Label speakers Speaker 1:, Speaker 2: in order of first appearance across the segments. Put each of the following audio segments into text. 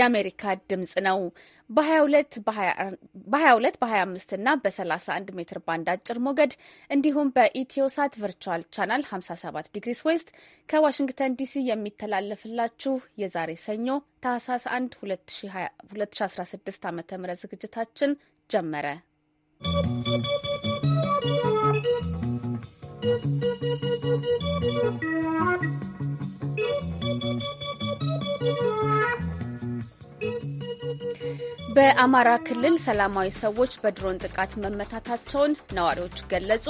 Speaker 1: የአሜሪካ ድምፅ ነው። በ22 በ25 እና በ31 ሜትር ባንድ አጭር ሞገድ እንዲሁም በኢትዮሳት ቨርቹዋል ቻናል 57 ዲግሪስ ዌስት ከዋሽንግተን ዲሲ የሚተላለፍላችሁ የዛሬ ሰኞ ታህሳስ 1 2016 ዓ ም ዝግጅታችን ጀመረ። በአማራ ክልል ሰላማዊ ሰዎች በድሮን ጥቃት መመታታቸውን ነዋሪዎች ገለጹ።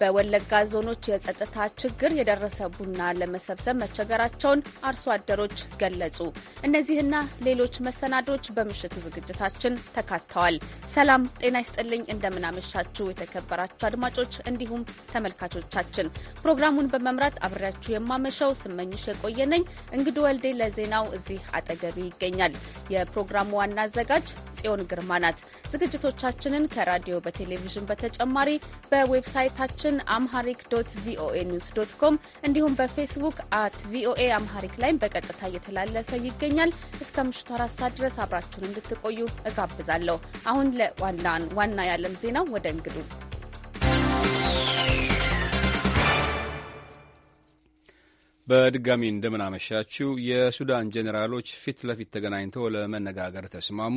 Speaker 1: በወለጋ ዞኖች የጸጥታ ችግር የደረሰ ቡና ለመሰብሰብ መቸገራቸውን አርሶ አደሮች ገለጹ። እነዚህና ሌሎች መሰናዶች በምሽቱ ዝግጅታችን ተካተዋል። ሰላም ጤና ይስጥልኝ። እንደምናመሻችሁ የተከበራችሁ አድማጮች እንዲሁም ተመልካቾቻችን ፕሮግራሙን በመምራት አብሬያችሁ የማመሸው ስመኝሽ የቆየ ነኝ። እንግዲ ወልዴ ለዜናው እዚህ አጠገቢ ይገኛል። የፕሮግራሙ ዋና አዘጋጅ ጽዮን ግርማ ናት። ዝግጅቶቻችንን ከራዲዮ በቴሌቪዥን በተጨማሪ በዌብሳይታችን ገጻችን አምሃሪክ ዶት ቪኦኤ ኒውስ ዶት ኮም እንዲሁም በፌስቡክ አት ቪኦኤ አምሃሪክ ላይ በቀጥታ እየተላለፈ ይገኛል። እስከ ምሽቱ አራት ሰዓት ድረስ አብራችሁን እንድትቆዩ እጋብዛለሁ። አሁን ለዋና ዋና የዓለም ዜናው ወደ እንግዱ
Speaker 2: በድጋሚ
Speaker 3: እንደምናመሻችው የሱዳን ጄኔራሎች ፊት ለፊት ተገናኝተው ለመነጋገር ተስማሙ።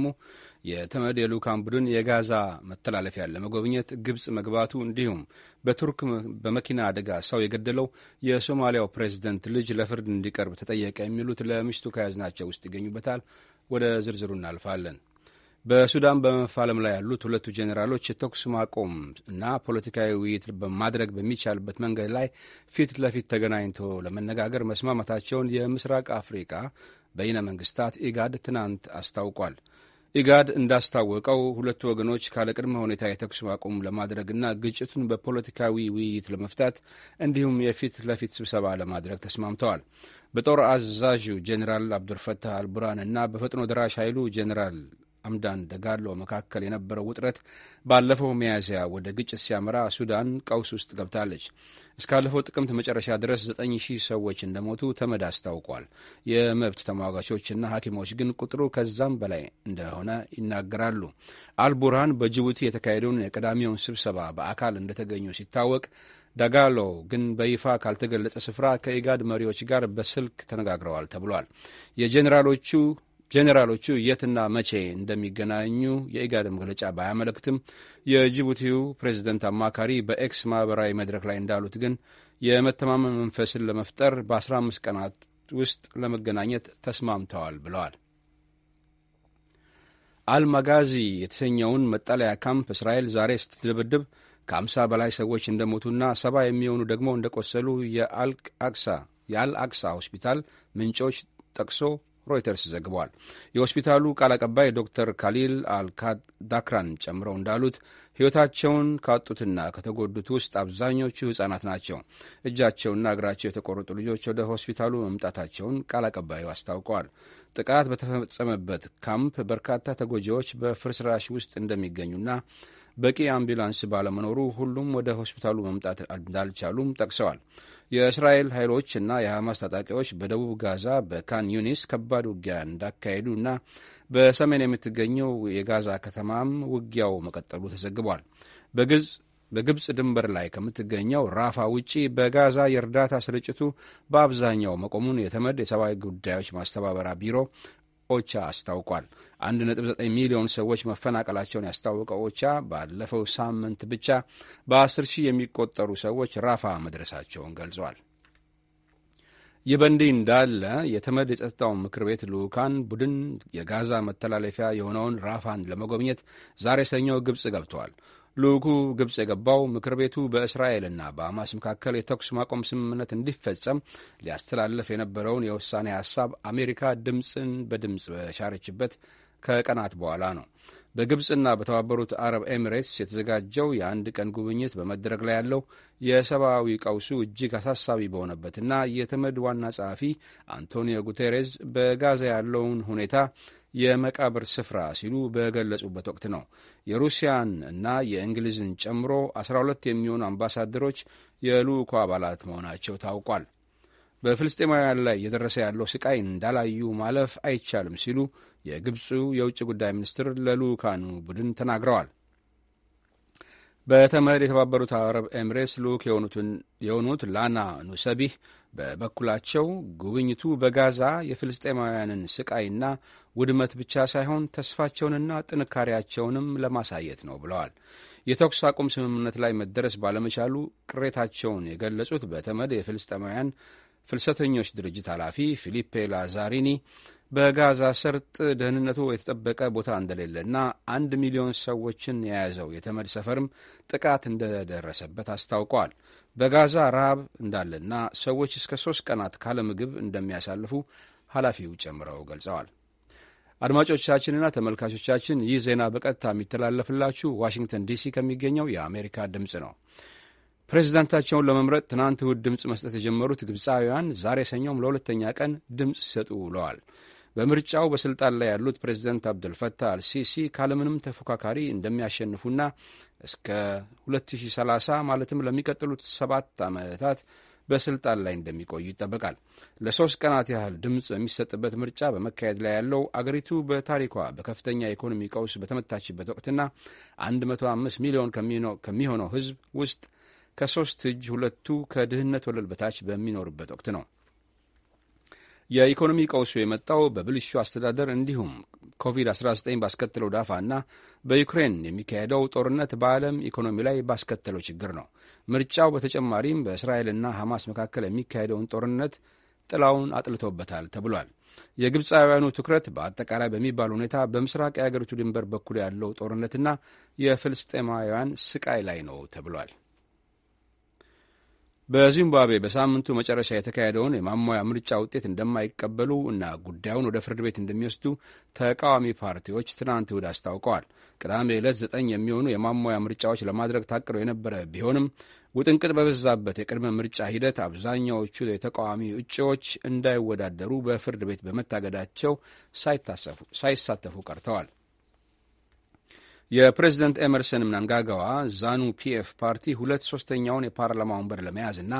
Speaker 3: የተመድ የልዑካን ቡድን የጋዛ መተላለፊያን ለመጎብኘት ግብጽ መግባቱ እንዲሁም በቱርክ በመኪና አደጋ ሰው የገደለው የሶማሊያው ፕሬዝደንት ልጅ ለፍርድ እንዲቀርብ ተጠየቀ የሚሉት ለምሽቱ ከያዝናቸው ውስጥ ይገኙበታል። ወደ ዝርዝሩ እናልፋለን። በሱዳን በመፋለም ላይ ያሉት ሁለቱ ጄኔራሎች የተኩስ ማቆም እና ፖለቲካዊ ውይይት በማድረግ በሚቻልበት መንገድ ላይ ፊት ለፊት ተገናኝቶ ለመነጋገር መስማማታቸውን የምስራቅ አፍሪቃ በይነ መንግስታት ኢጋድ ትናንት አስታውቋል። ኢጋድ እንዳስታወቀው ሁለቱ ወገኖች ካለቅድመ ሁኔታ የተኩስ ማቆም ለማድረግና ግጭቱን በፖለቲካዊ ውይይት ለመፍታት እንዲሁም የፊት ለፊት ስብሰባ ለማድረግ ተስማምተዋል። በጦር አዛዡ ጄኔራል አብዱልፈታህ አልቡራን እና በፈጥኖ ደራሽ ኃይሉ ጄኔራል አምዳን ደጋሎ መካከል የነበረው ውጥረት ባለፈው ሚያዝያ ወደ ግጭት ሲያመራ ሱዳን ቀውስ ውስጥ ገብታለች። እስካለፈው ጥቅምት መጨረሻ ድረስ ዘጠኝ ሺህ ሰዎች እንደሞቱ ተመድ አስታውቋል። የመብት ተሟጋቾችና ሐኪሞች ግን ቁጥሩ ከዛም በላይ እንደሆነ ይናገራሉ። አልቡርሃን በጅቡቲ የተካሄደውን የቀዳሚውን ስብሰባ በአካል እንደተገኙ ሲታወቅ ዳጋሎ ግን በይፋ ካልተገለጸ ስፍራ ከኢጋድ መሪዎች ጋር በስልክ ተነጋግረዋል ተብሏል። የጄኔራሎቹ ጄኔራሎቹ የትና መቼ እንደሚገናኙ የኢጋድ መግለጫ ባያመለክትም የጅቡቲው ፕሬዝደንት አማካሪ በኤክስ ማህበራዊ መድረክ ላይ እንዳሉት ግን የመተማመን መንፈስን ለመፍጠር በ15 ቀናት ውስጥ ለመገናኘት ተስማምተዋል ብለዋል። አልማጋዚ የተሰኘውን መጠለያ ካምፕ እስራኤል ዛሬ ስትደበድብ ከ50 በላይ ሰዎች እንደሞቱና ሰባ የሚሆኑ ደግሞ እንደቆሰሉ የአልአቅሳ ሆስፒታል ምንጮች ጠቅሶ ሮይተርስ ዘግቧል። የሆስፒታሉ ቃል አቀባይ ዶክተር ካሊል አልዳክራን ጨምረው እንዳሉት ሕይወታቸውን ካጡትና ከተጎዱት ውስጥ አብዛኞቹ ሕፃናት ናቸው። እጃቸውና እግራቸው የተቆረጡ ልጆች ወደ ሆስፒታሉ መምጣታቸውን ቃል አቀባዩ አስታውቀዋል። ጥቃት በተፈጸመበት ካምፕ በርካታ ተጎጂዎች በፍርስራሽ ውስጥ እንደሚገኙና በቂ አምቡላንስ ባለመኖሩ ሁሉም ወደ ሆስፒታሉ መምጣት እንዳልቻሉም ጠቅሰዋል። የእስራኤል ኃይሎች እና የሐማስ ታጣቂዎች በደቡብ ጋዛ በካን ዩኒስ ከባድ ውጊያ እንዳካሄዱ እና በሰሜን የምትገኘው የጋዛ ከተማም ውጊያው መቀጠሉ ተዘግቧል። በግልጽ በግብፅ ድንበር ላይ ከምትገኘው ራፋ ውጪ በጋዛ የእርዳታ ስርጭቱ በአብዛኛው መቆሙን የተመድ የሰብአዊ ጉዳዮች ማስተባበሪያ ቢሮ ኦቻ አስታውቋል። 1.9 ሚሊዮን ሰዎች መፈናቀላቸውን ያስታወቀው ኦቻ ባለፈው ሳምንት ብቻ በ10 ሺህ የሚቆጠሩ ሰዎች ራፋ መድረሳቸውን ገልጿል። ይህ በእንዲህ እንዳለ የተመድ የጸጥታው ምክር ቤት ልዑካን ቡድን የጋዛ መተላለፊያ የሆነውን ራፋን ለመጎብኘት ዛሬ ሰኞ ግብጽ ገብተዋል። ልዑኩ ግብጽ የገባው ምክር ቤቱ በእስራኤልና በሐማስ መካከል የተኩስ ማቆም ስምምነት እንዲፈጸም ሊያስተላልፍ የነበረውን የውሳኔ ሀሳብ አሜሪካ ድምፅን በድምፅ በሻረችበት ከቀናት በኋላ ነው። በግብፅና በተባበሩት አረብ ኤሚሬትስ የተዘጋጀው የአንድ ቀን ጉብኝት በመድረግ ላይ ያለው የሰብአዊ ቀውሱ እጅግ አሳሳቢ በሆነበትና የተመድ ዋና ጸሐፊ አንቶኒዮ ጉቴሬዝ በጋዛ ያለውን ሁኔታ የመቃብር ስፍራ ሲሉ በገለጹበት ወቅት ነው። የሩሲያን እና የእንግሊዝን ጨምሮ 12 የሚሆኑ አምባሳደሮች የልዑኩ አባላት መሆናቸው ታውቋል። በፍልስጤማውያን ላይ እየደረሰ ያለው ስቃይ እንዳላዩ ማለፍ አይቻልም ሲሉ የግብፁ የውጭ ጉዳይ ሚኒስትር ለልዑካኑ ቡድን ተናግረዋል። በተመድ የተባበሩት አረብ ኤምሬትስ ልዑክ የሆኑት ላና ኑሰቢህ በበኩላቸው ጉብኝቱ በጋዛ የፍልስጤማውያንን ስቃይና ውድመት ብቻ ሳይሆን ተስፋቸውንና ጥንካሬያቸውንም ለማሳየት ነው ብለዋል። የተኩስ አቁም ስምምነት ላይ መደረስ ባለመቻሉ ቅሬታቸውን የገለጹት በተመድ የፍልስጤማውያን ፍልሰተኞች ድርጅት ኃላፊ ፊሊፔ ላዛሪኒ በጋዛ ሰርጥ ደህንነቱ የተጠበቀ ቦታ እንደሌለና አንድ ሚሊዮን ሰዎችን የያዘው የተመድ ሰፈርም ጥቃት እንደደረሰበት አስታውቀዋል። በጋዛ ረሃብ እንዳለና ሰዎች እስከ ሶስት ቀናት ካለ ምግብ እንደሚያሳልፉ ኃላፊው ጨምረው ገልጸዋል። አድማጮቻችንና ተመልካቾቻችን ይህ ዜና በቀጥታ የሚተላለፍላችሁ ዋሽንግተን ዲሲ ከሚገኘው የአሜሪካ ድምፅ ነው። ፕሬዚዳንታቸውን ለመምረጥ ትናንት እሁድ ድምፅ መስጠት የጀመሩት ግብፃውያን ዛሬ ሰኞም ለሁለተኛ ቀን ድምፅ ሲሰጡ ውለዋል። በምርጫው በስልጣን ላይ ያሉት ፕሬዚደንት አብዱልፈታህ አልሲሲ ካለምንም ተፎካካሪ እንደሚያሸንፉና እስከ 2030 ማለትም ለሚቀጥሉት ሰባት ዓመታት በስልጣን ላይ እንደሚቆዩ ይጠበቃል። ለሶስት ቀናት ያህል ድምፅ በሚሰጥበት ምርጫ በመካሄድ ላይ ያለው አገሪቱ በታሪኳ በከፍተኛ የኢኮኖሚ ቀውስ በተመታችበት ወቅትና 105 ሚሊዮን ከሚሆነው ሕዝብ ውስጥ ከሶስት እጅ ሁለቱ ከድህነት ወለል በታች በሚኖርበት ወቅት ነው። የኢኮኖሚ ቀውሱ የመጣው በብልሹ አስተዳደር እንዲሁም ኮቪድ-19 ባስከተለው ዳፋና በዩክሬን የሚካሄደው ጦርነት በዓለም ኢኮኖሚ ላይ ባስከተለው ችግር ነው። ምርጫው በተጨማሪም በእስራኤልና ሐማስ መካከል የሚካሄደውን ጦርነት ጥላውን አጥልቶበታል ተብሏል። የግብፃውያኑ ትኩረት በአጠቃላይ በሚባል ሁኔታ በምስራቅ የአገሪቱ ድንበር በኩል ያለው ጦርነትና የፍልስጤማውያን ስቃይ ላይ ነው ተብሏል። በዚምባብዌ በሳምንቱ መጨረሻ የተካሄደውን የማሟያ ምርጫ ውጤት እንደማይቀበሉ እና ጉዳዩን ወደ ፍርድ ቤት እንደሚወስዱ ተቃዋሚ ፓርቲዎች ትናንት እሁድ አስታውቀዋል። ቅዳሜ ዕለት ዘጠኝ የሚሆኑ የማሟያ ምርጫዎች ለማድረግ ታቅደው የነበረ ቢሆንም ውጥንቅጥ በበዛበት የቅድመ ምርጫ ሂደት አብዛኛዎቹ የተቃዋሚ እጩዎች እንዳይወዳደሩ በፍርድ ቤት በመታገዳቸው ሳይሳተፉ ቀርተዋል። የፕሬዚደንት ኤመርሰን ምናንጋጋዋ ዛኑ ፒኤፍ ፓርቲ ሁለት ሶስተኛውን የፓርላማ ወንበር ለመያዝና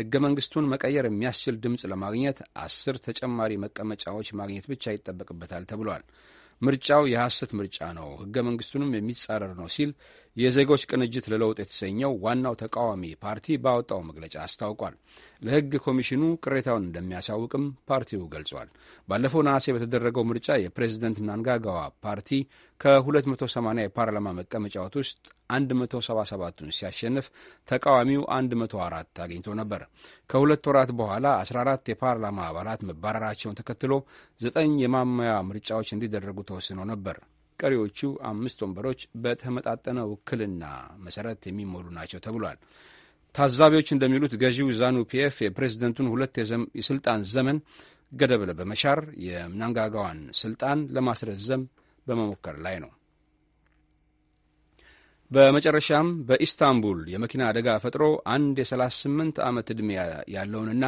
Speaker 3: ህገ መንግስቱን መቀየር የሚያስችል ድምፅ ለማግኘት አስር ተጨማሪ መቀመጫዎች ማግኘት ብቻ ይጠበቅበታል ተብሏል። ምርጫው የሐሰት ምርጫ ነው፣ ህገ መንግስቱንም የሚጻረር ነው ሲል የዜጎች ቅንጅት ለለውጥ የተሰኘው ዋናው ተቃዋሚ ፓርቲ ባወጣው መግለጫ አስታውቋል። ለህግ ኮሚሽኑ ቅሬታውን እንደሚያሳውቅም ፓርቲው ገልጿል። ባለፈው ነሐሴ በተደረገው ምርጫ የፕሬዝደንት ናንጋጋዋ ፓርቲ ከ280 የፓርላማ መቀመጫዎች ውስጥ 177ቱን ሲያሸንፍ ተቃዋሚው 104 አግኝቶ ነበር። ከሁለት ወራት በኋላ 14 የፓርላማ አባላት መባረራቸውን ተከትሎ ዘጠኝ የማመያ ምርጫዎች እንዲደረጉ ተወስኖ ነበር። ቀሪዎቹ አምስት ወንበሮች በተመጣጠነ ውክልና መሰረት የሚሞሉ ናቸው ተብሏል። ታዛቢዎች እንደሚሉት ገዢው ዛኑ ፒኤፍ የፕሬዝደንቱን ሁለት የስልጣን ዘመን ገደብ በመሻር የምናንጋጋዋን ስልጣን ለማስረዘም በመሞከር ላይ ነው። በመጨረሻም በኢስታንቡል የመኪና አደጋ ፈጥሮ አንድ የ38 ዓመት ዕድሜ ያለውንና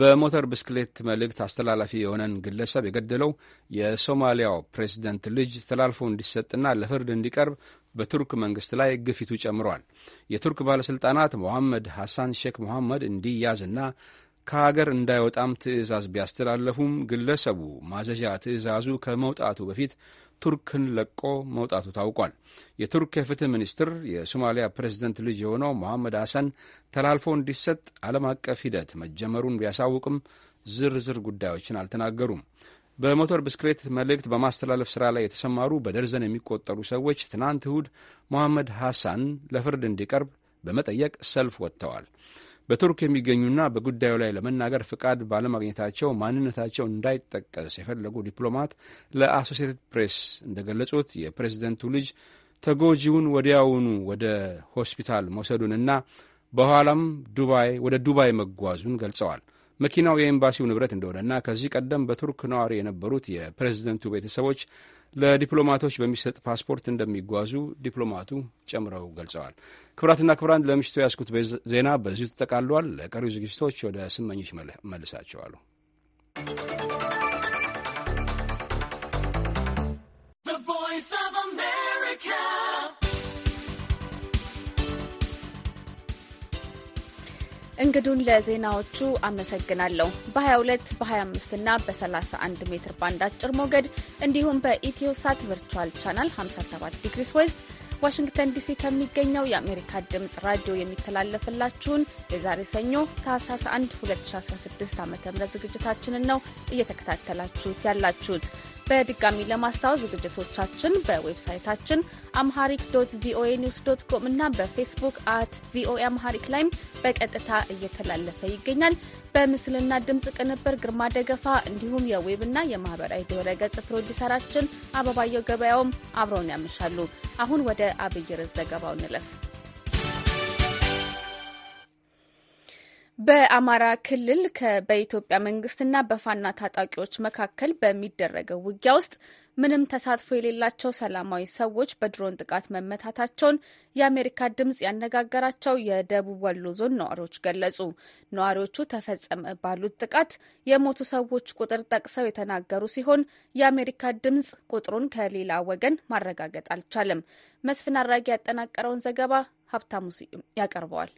Speaker 3: በሞተር ብስክሌት መልእክት አስተላላፊ የሆነን ግለሰብ የገደለው የሶማሊያው ፕሬዚደንት ልጅ ተላልፎ እንዲሰጥና ለፍርድ እንዲቀርብ በቱርክ መንግስት ላይ ግፊቱ ጨምሯል። የቱርክ ባለሥልጣናት መሐመድ ሐሳን ሼክ እንዲያዝ እንዲያዝና ከሀገር እንዳይወጣም ትዕዛዝ ቢያስተላለፉም ግለሰቡ ማዘዣ ትዕዛዙ ከመውጣቱ በፊት ቱርክን ለቆ መውጣቱ ታውቋል። የቱርክ የፍትህ ሚኒስትር የሶማሊያ ፕሬዚደንት ልጅ የሆነው መሐመድ ሐሰን ተላልፎ እንዲሰጥ ዓለም አቀፍ ሂደት መጀመሩን ቢያሳውቅም ዝርዝር ጉዳዮችን አልተናገሩም። በሞተር ብስክሌት መልእክት በማስተላለፍ ሥራ ላይ የተሰማሩ በደርዘን የሚቆጠሩ ሰዎች ትናንት እሁድ መሐመድ ሐሳን ለፍርድ እንዲቀርብ በመጠየቅ ሰልፍ ወጥተዋል። በቱርክ የሚገኙና በጉዳዩ ላይ ለመናገር ፍቃድ ባለማግኘታቸው ማንነታቸው እንዳይጠቀስ የፈለጉ ዲፕሎማት ለአሶሲየትድ ፕሬስ እንደገለጹት የፕሬዝደንቱ ልጅ ተጎጂውን ወዲያውኑ ወደ ሆስፒታል መውሰዱንና በኋላም ዱባይ ወደ ዱባይ መጓዙን ገልጸዋል። መኪናው የኤምባሲው ንብረት እንደሆነና ከዚህ ቀደም በቱርክ ነዋሪ የነበሩት የፕሬዝደንቱ ቤተሰቦች ለዲፕሎማቶች በሚሰጥ ፓስፖርት እንደሚጓዙ ዲፕሎማቱ ጨምረው ገልጸዋል። ክብራትና ክብራን ለምሽቱ ያስኩት ዜና በዚሁ ተጠቃሏል። ለቀሪው ዝግጅቶች ወደ ስመኝሽ መልሳቸዋሉ።
Speaker 1: እንግዱን ለዜናዎቹ አመሰግናለሁ። በ22 በ25 እና በ31 ሜትር ባንድ አጭር ሞገድ እንዲሁም በኢትዮሳት ቨርቹዋል ቻናል 57 ዲግሪስ ዌስት ዋሽንግተን ዲሲ ከሚገኘው የአሜሪካ ድምፅ ራዲዮ የሚተላለፍላችሁን የዛሬ ሰኞ ታህሳስ 1 2016 ዓ ም ዝግጅታችንን ነው እየተከታተላችሁት ያላችሁት። በድጋሚ ለማስታወስ ዝግጅቶቻችን በዌብሳይታችን አምሃሪክ ዶት ቪኦኤ ኒውስ ዶት ኮም እና በፌስቡክ አት ቪኦኤ አምሃሪክ ላይም በቀጥታ እየተላለፈ ይገኛል። በምስልና ድምፅ ቅንብር ግርማ ደገፋ እንዲሁም የዌብና የማህበራዊ ድረ ገጽ ፕሮዲሰራችን አበባየው ገበያውም አብረውን ያመሻሉ። አሁን ወደ አብይር ዘገባው እንለፍ። በአማራ ክልል በኢትዮጵያ መንግስትና በፋና ታጣቂዎች መካከል በሚደረገው ውጊያ ውስጥ ምንም ተሳትፎ የሌላቸው ሰላማዊ ሰዎች በድሮን ጥቃት መመታታቸውን የአሜሪካ ድምጽ ያነጋገራቸው የደቡብ ወሎ ዞን ነዋሪዎች ገለጹ። ነዋሪዎቹ ተፈጸመ ባሉት ጥቃት የሞቱ ሰዎች ቁጥር ጠቅሰው የተናገሩ ሲሆን የአሜሪካ ድምጽ ቁጥሩን ከሌላ ወገን ማረጋገጥ አልቻለም። መስፍን አራጊ ያጠናቀረውን ዘገባ ሀብታሙ ያቀርበዋል።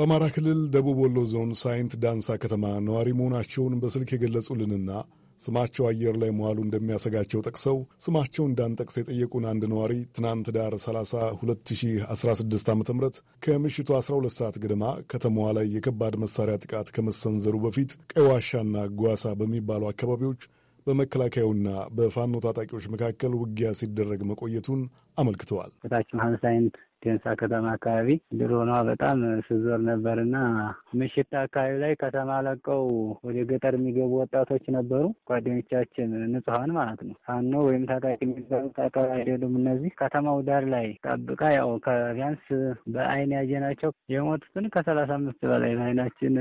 Speaker 4: በአማራ ክልል ደቡብ ወሎ ዞን ሳይንት ዳንሳ ከተማ ነዋሪ መሆናቸውን በስልክ የገለጹልንና ስማቸው አየር ላይ መዋሉ እንደሚያሰጋቸው ጠቅሰው ስማቸው እንዳንጠቅስ የጠየቁን አንድ ነዋሪ ትናንት ዳር 30 2016 ዓ ም ከምሽቱ 12 ሰዓት ገደማ ከተማዋ ላይ የከባድ መሳሪያ ጥቃት ከመሰንዘሩ በፊት ቀይዋሻና ጓሳ በሚባሉ አካባቢዎች በመከላከያውና በፋኖ ታጣቂዎች መካከል ውጊያ ሲደረግ መቆየቱን አመልክተዋል። ከታች መሀል ሳይንት ደንሳ ከተማ አካባቢ ድሮኗ በጣም
Speaker 5: ስዞር ነበርና ምሽት አካባቢ ላይ ከተማ ለቀው ወደ ገጠር የሚገቡ ወጣቶች ነበሩ። ጓደኞቻችን ንጹሐን ማለት ነው። ፋኖ ወይም ታጣቂ የሚባሉት አካባቢ አይደሉም። እነዚህ ከተማው ዳር ላይ ጠብቃ ያው ከቢያንስ በአይን ያየናቸው የሞቱትን ከሰላሳ አምስት በላይ በአይናችን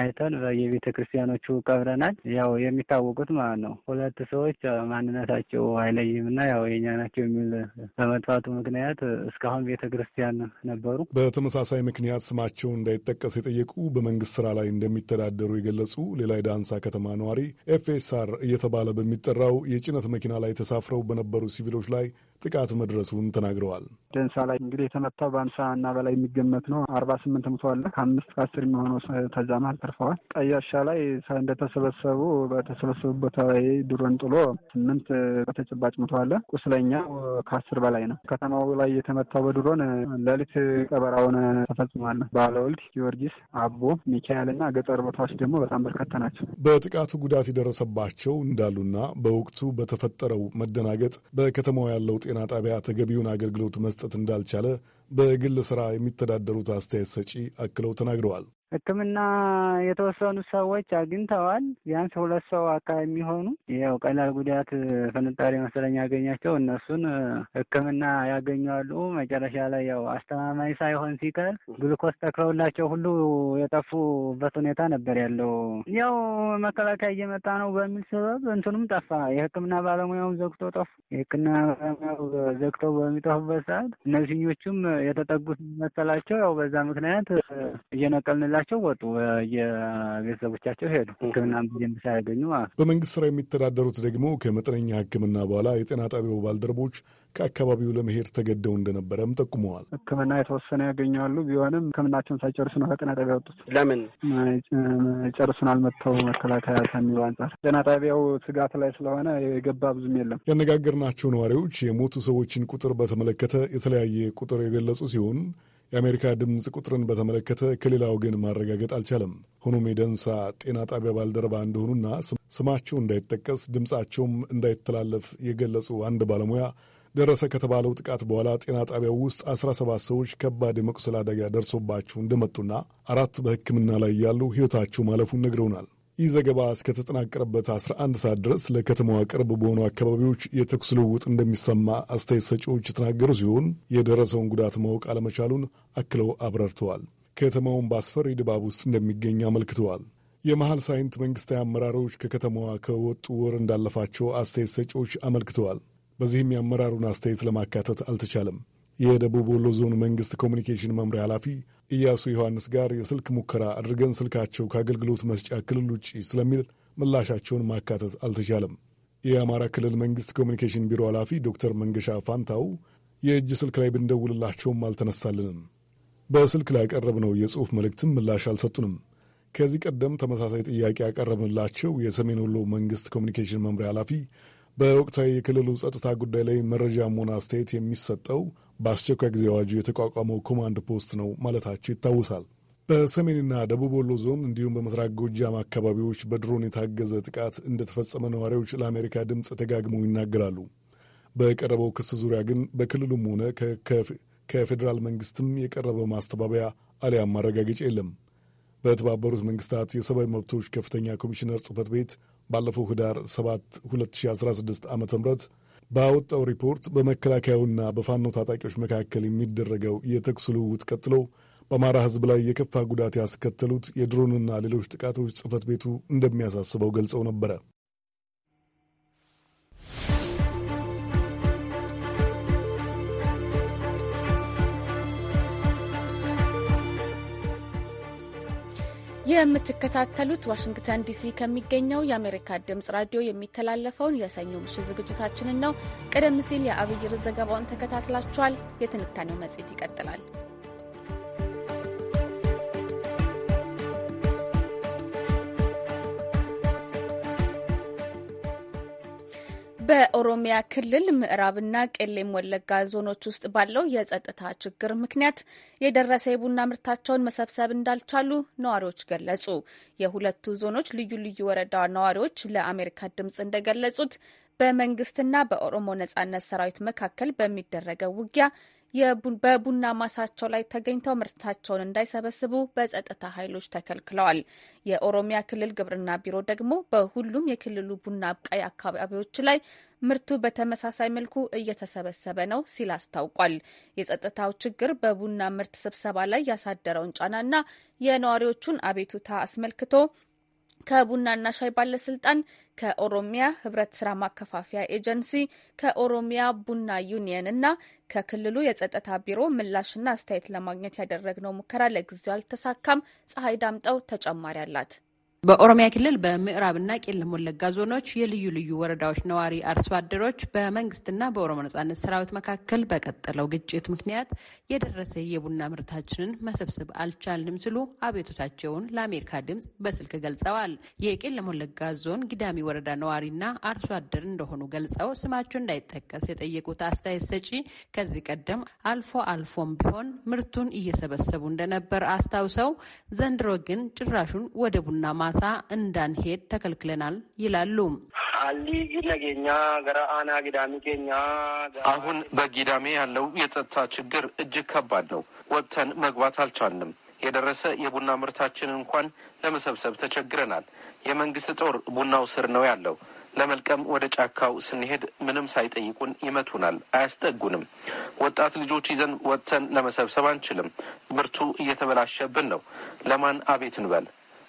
Speaker 5: አይተን በየቤተ ክርስቲያኖቹ ቀብረናል። ያው የሚታወቁት ማለት ነው። ሁለት ሰዎች ማንነታቸው አይለይም እና ያው የኛ ናቸው የሚል በመጥፋቱ ምክንያት እስካሁን ቤት ቤተ ክርስቲያን ነበሩ።
Speaker 4: በተመሳሳይ ምክንያት ስማቸው እንዳይጠቀስ የጠየቁ በመንግስት ስራ ላይ እንደሚተዳደሩ የገለጹ ሌላ የዳንሳ ከተማ ነዋሪ ኤፍኤስአር እየተባለ በሚጠራው የጭነት መኪና ላይ ተሳፍረው በነበሩ ሲቪሎች ላይ ጥቃት መድረሱን ተናግረዋል።
Speaker 5: ደንሳ ላይ እንግዲህ የተመታው በአምሳ እና በላይ የሚገመት ነው። አርባ ስምንት ሙቶ አለ። ከአምስት ከአስር የሚሆነው ተዛማል ተርፈዋል። ቀያሻ ላይ እንደተሰበሰቡ በተሰበሰቡ ቦታ ላይ ድሮን ጥሎ ስምንት በተጨባጭ ሙቶ አለ። ቁስለኛው ከአስር በላይ ነው። ከተማው ላይ የተመታው በድሮን ሌሊት ቀበራውን ተፈጽሟል።
Speaker 4: ባለወልድ፣ ጊዮርጊስ፣ አቦ፣ ሚካኤል እና ገጠር ቦታዎች ደግሞ በጣም በርካታ ናቸው። በጥቃቱ ጉዳት የደረሰባቸው እንዳሉና በወቅቱ በተፈጠረው መደናገጥ በከተማው ያለው ጤና ጣቢያ ተገቢውን አገልግሎት መስጠት እንዳልቻለ በግል ስራ የሚተዳደሩት አስተያየት ሰጪ አክለው ተናግረዋል።
Speaker 5: ሕክምና የተወሰኑ ሰዎች አግኝተዋል። ቢያንስ ሁለት ሰው አካባቢ የሚሆኑ ያው ቀላል ጉዳት ፍንጣሪ መሰለኝ ያገኛቸው እነሱን ሕክምና ያገኛሉ። መጨረሻ ላይ ያው አስተማማኝ ሳይሆን ሲቀር ግሉኮስ ተክለውላቸው ሁሉ የጠፉበት ሁኔታ ነበር ያለው። ያው መከላከያ እየመጣ ነው በሚል ሰበብ እንትኑም ጠፋ። የሕክምና ባለሙያውም ዘግቶ ጠፉ። የሕክምና ባለሙያው ዘግተው በሚጠፉበት ሰዓት እነዚህኞቹም የተጠጉት መሰላቸው። ያው በዛ ምክንያት እየነቀልንላቸው ወጡ፣ የቤተሰቦቻቸው ሄዱ፣ ሕክምና በደንብ ሳያገኙ
Speaker 4: በመንግስት ስራ የሚተዳደሩት ደግሞ ከመጠነኛ ሕክምና በኋላ የጤና ጣቢያው ባልደረቦች ከአካባቢው ለመሄድ ተገደው እንደነበረም ጠቁመዋል።
Speaker 5: ሕክምና የተወሰነ ያገኘዋሉ ቢሆንም ሕክምናቸውን ሳይጨርሱ ነው ከጤና ጣቢያ ወጡት። ለምን
Speaker 4: ጨርሱናል መጥተው መከላከያ ከሚሉ አንጻር
Speaker 5: ጤና ጣቢያው ስጋት ላይ ስለሆነ የገባ ብዙም የለም።
Speaker 4: ያነጋገርናቸው ነዋሪዎች የሞቱ ሰዎችን ቁጥር በተመለከተ የተለያየ ቁጥር የገለጹ ሲሆን የአሜሪካ ድምፅ ቁጥርን በተመለከተ ከሌላ ወገን ማረጋገጥ አልቻለም። ሆኖም የደንሳ ጤና ጣቢያ ባልደረባ እንደሆኑና ስማቸው እንዳይጠቀስ ድምፃቸውም እንዳይተላለፍ የገለጹ አንድ ባለሙያ ደረሰ ከተባለው ጥቃት በኋላ ጤና ጣቢያው ውስጥ 17 ሰዎች ከባድ የመቁሰል አደጋ ደርሶባቸው እንደመጡና አራት በሕክምና ላይ ያሉ ሕይወታቸው ማለፉን ነግረውናል። ይህ ዘገባ እስከተጠናቀረበት 11 ሰዓት ድረስ ለከተማዋ ቅርብ በሆኑ አካባቢዎች የተኩስ ልውውጥ እንደሚሰማ አስተያየት ሰጪዎች የተናገሩ ሲሆን የደረሰውን ጉዳት ማወቅ አለመቻሉን አክለው አብራርተዋል። ከተማውን በአስፈሪ ድባብ ውስጥ እንደሚገኝ አመልክተዋል። የመሐል ሳይንት መንግሥታዊ አመራሮች ከከተማዋ ከወጡ ወር እንዳለፋቸው አስተያየት ሰጪዎች አመልክተዋል። በዚህም የአመራሩን አስተያየት ለማካተት አልተቻለም። የደቡብ ወሎ ዞን መንግስት ኮሚኒኬሽን መምሪያ ኃላፊ ኢያሱ ዮሐንስ ጋር የስልክ ሙከራ አድርገን ስልካቸው ከአገልግሎት መስጫ ክልል ውጭ ስለሚል ምላሻቸውን ማካተት አልተቻለም። የአማራ ክልል መንግስት ኮሚኒኬሽን ቢሮ ኃላፊ ዶክተር መንገሻ ፋንታው የእጅ ስልክ ላይ ብንደውልላቸውም አልተነሳልንም። በስልክ ላይ ያቀረብነው የጽሑፍ መልእክትም ምላሽ አልሰጡንም። ከዚህ ቀደም ተመሳሳይ ጥያቄ ያቀረብንላቸው የሰሜን ወሎ መንግስት ኮሚኒኬሽን መምሪያ ኃላፊ በወቅታዊ የክልሉ ጸጥታ ጉዳይ ላይ መረጃም ሆነ አስተያየት የሚሰጠው በአስቸኳይ ጊዜ አዋጁ የተቋቋመው ኮማንድ ፖስት ነው ማለታቸው ይታወሳል። በሰሜንና ደቡብ ወሎ ዞን እንዲሁም በምስራቅ ጎጃም አካባቢዎች በድሮን የታገዘ ጥቃት እንደተፈጸመ ነዋሪዎች ለአሜሪካ ድምፅ ተጋግመው ይናገራሉ። በቀረበው ክስ ዙሪያ ግን በክልሉም ሆነ ከፌዴራል መንግስትም የቀረበ ማስተባበያ አሊያም ማረጋገጫ የለም። በተባበሩት መንግስታት የሰብአዊ መብቶች ከፍተኛ ኮሚሽነር ጽህፈት ቤት ባለፈው ህዳር 7 2016 ዓ ም ባወጣው ሪፖርት በመከላከያውና በፋኖ ታጣቂዎች መካከል የሚደረገው የተኩስ ልውውጥ ቀጥሎ በአማራ ህዝብ ላይ የከፋ ጉዳት ያስከተሉት የድሮንና ሌሎች ጥቃቶች ጽህፈት ቤቱ እንደሚያሳስበው ገልጸው ነበረ።
Speaker 1: የምትከታተሉት ዋሽንግተን ዲሲ ከሚገኘው የአሜሪካ ድምጽ ራዲዮ የሚተላለፈውን የሰኞ ምሽት ዝግጅታችንን ነው። ቀደም ሲል የአብይር ዘገባውን ተከታትላችኋል። የትንታኔው መጽሔት ይቀጥላል። በኦሮሚያ ክልል ምዕራብና ቄሌም ወለጋ ዞኖች ውስጥ ባለው የጸጥታ ችግር ምክንያት የደረሰ የቡና ምርታቸውን መሰብሰብ እንዳልቻሉ ነዋሪዎች ገለጹ። የሁለቱ ዞኖች ልዩ ልዩ ወረዳ ነዋሪዎች ለአሜሪካ ድምጽ እንደገለጹት በመንግስትና በኦሮሞ ነጻነት ሰራዊት መካከል በሚደረገው ውጊያ በቡና ማሳቸው ላይ ተገኝተው ምርታቸውን እንዳይሰበስቡ በጸጥታ ኃይሎች ተከልክለዋል። የኦሮሚያ ክልል ግብርና ቢሮ ደግሞ በሁሉም የክልሉ ቡና አብቃይ አካባቢዎች ላይ ምርቱ በተመሳሳይ መልኩ እየተሰበሰበ ነው ሲል አስታውቋል። የጸጥታው ችግር በቡና ምርት ስብሰባ ላይ ያሳደረውን ጫናና የነዋሪዎቹን አቤቱታ አስመልክቶ ከቡናና ሻይ ባለስልጣን፣ ከኦሮሚያ ህብረት ስራ ማከፋፈያ ኤጀንሲ፣ ከኦሮሚያ ቡና ዩኒየን እና ከክልሉ የጸጥታ ቢሮ ምላሽና አስተያየት ለማግኘት ያደረግነው ሙከራ ለጊዜው አልተሳካም። ፀሐይ ዳምጠው
Speaker 6: ተጨማሪ አላት። በኦሮሚያ ክልል በምዕራብና ቄለም ወለጋ ዞኖች የልዩ ልዩ ወረዳዎች ነዋሪ አርሶ አደሮች በመንግስትና በኦሮሞ ነጻነት ሰራዊት መካከል በቀጠለው ግጭት ምክንያት የደረሰ የቡና ምርታችንን መሰብሰብ አልቻልንም ሲሉ አቤቶቻቸውን ለአሜሪካ ድምጽ በስልክ ገልጸዋል። የቄለም ወለጋ ዞን ጊዳሚ ወረዳ ነዋሪና አርሶ አደር እንደሆኑ ገልጸው ስማቸው እንዳይጠቀስ የጠየቁት አስተያየት ሰጪ ከዚህ ቀደም አልፎ አልፎም ቢሆን ምርቱን እየሰበሰቡ እንደነበር አስታውሰው ዘንድሮ ግን ጭራሹን ወደ ቡና ማ ካሳ እንዳንሄድ ተከልክለናል ይላሉ።
Speaker 7: አሁን በጊዳሜ ያለው የጸጥታ ችግር እጅግ ከባድ ነው። ወጥተን መግባት አልቻልንም። የደረሰ የቡና ምርታችን እንኳን ለመሰብሰብ ተቸግረናል። የመንግስት ጦር ቡናው ስር ነው ያለው። ለመልቀም ወደ ጫካው ስንሄድ ምንም ሳይጠይቁን ይመቱናል፣ አያስጠጉንም። ወጣት ልጆች ይዘን ወጥተን ለመሰብሰብ አንችልም። ምርቱ እየተበላሸብን ነው። ለማን አቤት እንበል?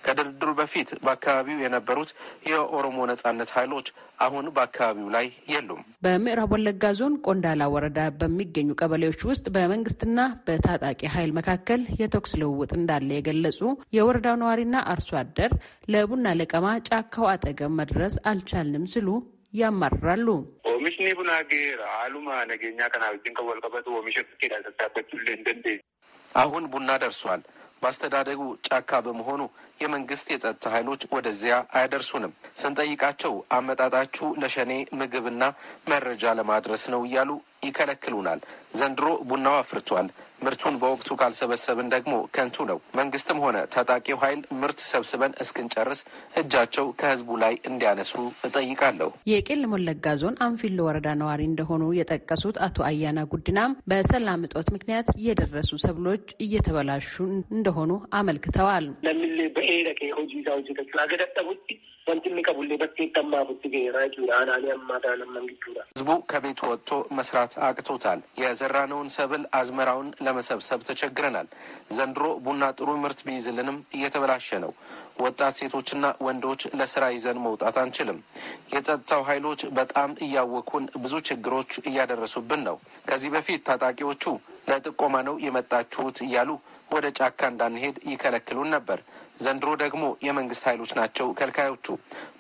Speaker 7: ከድርድሩ በፊት በአካባቢው የነበሩት የኦሮሞ ነጻነት ኃይሎች አሁን በአካባቢው ላይ የሉም።
Speaker 6: በምዕራብ ወለጋ ዞን ቆንዳላ ወረዳ በሚገኙ ቀበሌዎች ውስጥ በመንግስትና በታጣቂ ኃይል መካከል የተኩስ ልውውጥ እንዳለ የገለጹ የወረዳው ነዋሪና አርሶ አደር ለቡና ለቀማ ጫካው አጠገብ መድረስ አልቻልንም ሲሉ ያማራሉ።
Speaker 7: ኦሚሽኒ ቡና ጌራ አሉማ ነገኛ
Speaker 8: ከናብጅን ከወልቀበት ኦሚሽ ሄዳ ሰታበችል እንደንዴ
Speaker 7: አሁን ቡና ደርሷል። ማስተዳደጉ ጫካ በመሆኑ የመንግስት የጸጥታ ኃይሎች ወደዚያ አያደርሱንም። ስንጠይቃቸው አመጣጣችሁ ለሸኔ ምግብና መረጃ ለማድረስ ነው እያሉ ይከለክሉናል። ዘንድሮ ቡናው አፍርቷል። ምርቱን በወቅቱ ካልሰበሰብን ደግሞ ከንቱ ነው። መንግስትም ሆነ ታጣቂው ኃይል ምርት ሰብስበን እስክንጨርስ እጃቸው ከህዝቡ ላይ እንዲያነሱ እጠይቃለሁ።
Speaker 6: የቄለም ወለጋ ዞን አንፊሎ ወረዳ ነዋሪ እንደሆኑ የጠቀሱት አቶ አያና ጉድናም በሰላም እጦት ምክንያት የደረሱ ሰብሎች እየተበላሹ እንደሆኑ አመልክተዋል።
Speaker 7: ህዝቡ ከቤቱ ወጥቶ መስራት አቅቶታል። የዘራነውን ሰብል አዝመራውን ለ ለመሰብሰብ ተቸግረናል። ዘንድሮ ቡና ጥሩ ምርት ቢይዝልንም እየተበላሸ ነው። ወጣት ሴቶችና ወንዶች ለስራ ይዘን መውጣት አንችልም። የጸጥታው ኃይሎች በጣም እያወኩን ብዙ ችግሮች እያደረሱብን ነው። ከዚህ በፊት ታጣቂዎቹ ለጥቆማ ነው የመጣችሁት እያሉ ወደ ጫካ እንዳንሄድ ይከለክሉን ነበር። ዘንድሮ ደግሞ የመንግስት ኃይሎች ናቸው ከልካዮቹ።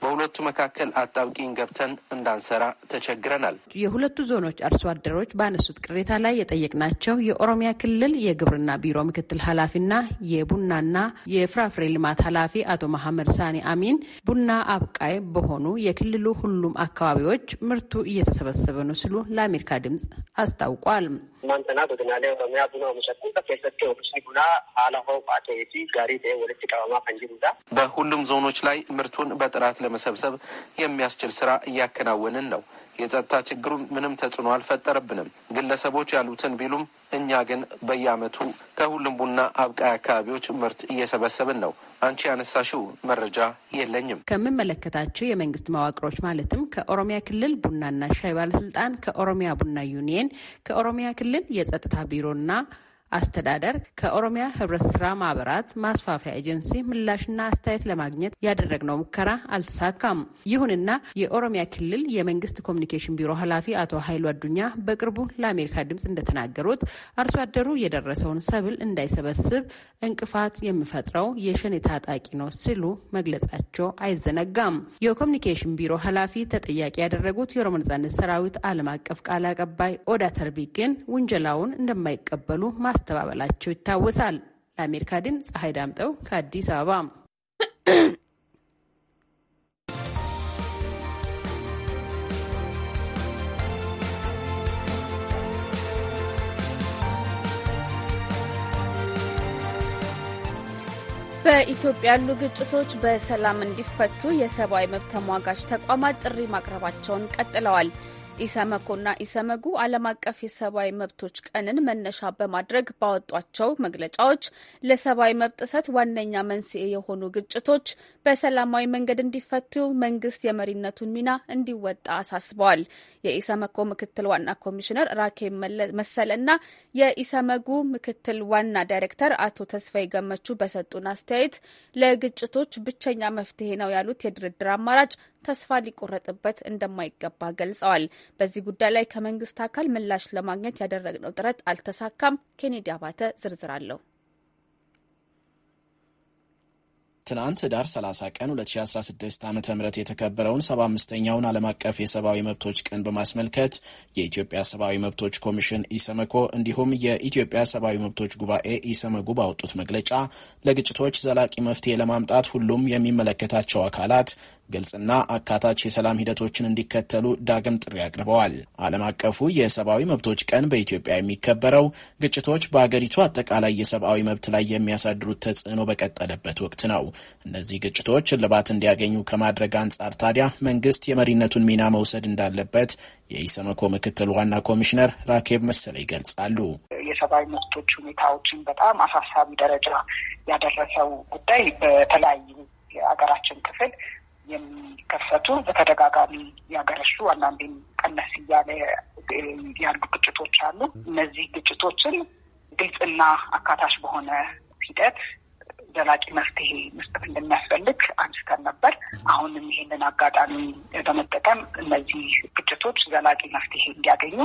Speaker 7: በሁለቱ መካከል አጣብቂኝ ገብተን እንዳንሰራ ተቸግረናል።
Speaker 6: የሁለቱ ዞኖች አርሶ አደሮች ባነሱት ቅሬታ ላይ የጠየቅናቸው የኦሮሚያ ክልል የግብርና ቢሮ ምክትል ኃላፊና የቡናና የፍራፍሬ ልማት ኃላፊ አቶ መሐመድ ሳኒ አሚን ቡና አብቃይ በሆኑ የክልሉ ሁሉም አካባቢዎች ምርቱ እየተሰበሰበ ነው ሲሉ ለአሜሪካ ድምጽ አስታውቋል።
Speaker 9: ቡና
Speaker 7: በሁሉም ዞኖች ላይ ምርቱን በጥራት ለመሰብሰብ የሚያስችል ስራ እያከናወንን ነው። የጸጥታ ችግሩ ምንም ተጽዕኖ አልፈጠረብንም። ግለሰቦች ያሉትን ቢሉም እኛ ግን በየአመቱ ከሁሉም ቡና አብቃይ አካባቢዎች ምርት እየሰበሰብን ነው። አንቺ ያነሳሽው መረጃ የለኝም።
Speaker 6: ከምመለከታቸው የመንግስት መዋቅሮች ማለትም ከኦሮሚያ ክልል ቡናና ሻይ ባለስልጣን፣ ከኦሮሚያ ቡና ዩኒየን፣ ከኦሮሚያ ክልል የጸጥታ ቢሮና አስተዳደር ከኦሮሚያ ህብረት ስራ ማህበራት ማስፋፊያ ኤጀንሲ ምላሽና አስተያየት ለማግኘት ያደረግነው ሙከራ አልተሳካም። ይሁንና የኦሮሚያ ክልል የመንግስት ኮሚኒኬሽን ቢሮ ኃላፊ አቶ ኃይሉ አዱኛ በቅርቡ ለአሜሪካ ድምፅ እንደተናገሩት አርሶ አደሩ የደረሰውን ሰብል እንዳይሰበስብ እንቅፋት የሚፈጥረው የሸኔ ታጣቂ ነው ሲሉ መግለጻቸው አይዘነጋም። የኮሚኒኬሽን ቢሮ ኃላፊ ተጠያቂ ያደረጉት የኦሮሞ ነጻነት ሰራዊት ዓለም አቀፍ ቃል አቀባይ ኦዳ ተርቢ ግን ውንጀላውን እንደማይቀበሉ ማስ ማስተባበላቸው ይታወሳል። ለአሜሪካ ድምፅ ፀሐይ ዳምጠው ከአዲስ አበባ።
Speaker 1: በኢትዮጵያ ያሉ ግጭቶች በሰላም እንዲፈቱ የሰብአዊ መብት ተሟጋች ተቋማት ጥሪ ማቅረባቸውን ቀጥለዋል። ኢሰመኮና ኢሰመጉ ዓለም አቀፍ የሰብአዊ መብቶች ቀንን መነሻ በማድረግ ባወጧቸው መግለጫዎች ለሰብአዊ መብት ጥሰት ዋነኛ መንስኤ የሆኑ ግጭቶች በሰላማዊ መንገድ እንዲፈቱ መንግስት የመሪነቱን ሚና እንዲወጣ አሳስበዋል። የኢሰመኮ ምክትል ዋና ኮሚሽነር ራኬ መሰለና የኢሰመጉ ምክትል ዋና ዳይሬክተር አቶ ተስፋዬ ገመቹ በሰጡን አስተያየት ለግጭቶች ብቸኛ መፍትሄ ነው ያሉት የድርድር አማራጭ ተስፋ ሊቆረጥበት እንደማይገባ ገልጸዋል። በዚህ ጉዳይ ላይ ከመንግስት አካል ምላሽ ለማግኘት ያደረግነው ጥረት አልተሳካም። ኬኔዲ አባተ ዝርዝር አለው።
Speaker 10: ትናንት ህዳር 30 ቀን 2016 ዓ ም የተከበረውን 75ኛውን ዓለም አቀፍ የሰብአዊ መብቶች ቀን በማስመልከት የኢትዮጵያ ሰብአዊ መብቶች ኮሚሽን ኢሰመኮ እንዲሁም የኢትዮጵያ ሰብአዊ መብቶች ጉባኤ ኢሰመጉ ባወጡት መግለጫ ለግጭቶች ዘላቂ መፍትሄ ለማምጣት ሁሉም የሚመለከታቸው አካላት ግልጽና አካታች የሰላም ሂደቶችን እንዲከተሉ ዳግም ጥሪ አቅርበዋል። ዓለም አቀፉ የሰብአዊ መብቶች ቀን በኢትዮጵያ የሚከበረው ግጭቶች በአገሪቱ አጠቃላይ የሰብአዊ መብት ላይ የሚያሳድሩት ተጽዕኖ በቀጠለበት ወቅት ነው። እነዚህ ግጭቶች እልባት እንዲያገኙ ከማድረግ አንጻር ታዲያ መንግስት የመሪነቱን ሚና መውሰድ እንዳለበት የኢሰመኮ ምክትል ዋና ኮሚሽነር ራኬብ መሰለ ይገልጻሉ።
Speaker 11: የሰብአዊ መብቶች ሁኔታዎችን በጣም አሳሳቢ ደረጃ ያደረሰው ጉዳይ በተለያዩ የሀገራችን ክፍል የሚከሰቱ በተደጋጋሚ ያገረሹ አንዳንዴም ቀነስ እያለ ያሉ ግጭቶች አሉ። እነዚህ ግጭቶችን ግልጽና አካታች በሆነ ሂደት ዘላቂ መፍትሄ መስጠት እንደሚያስፈልግ አንስተን ነበር። አሁንም ይሄንን አጋጣሚ በመጠቀም እነዚህ ግጭቶች ዘላቂ መፍትሄ እንዲያገኙ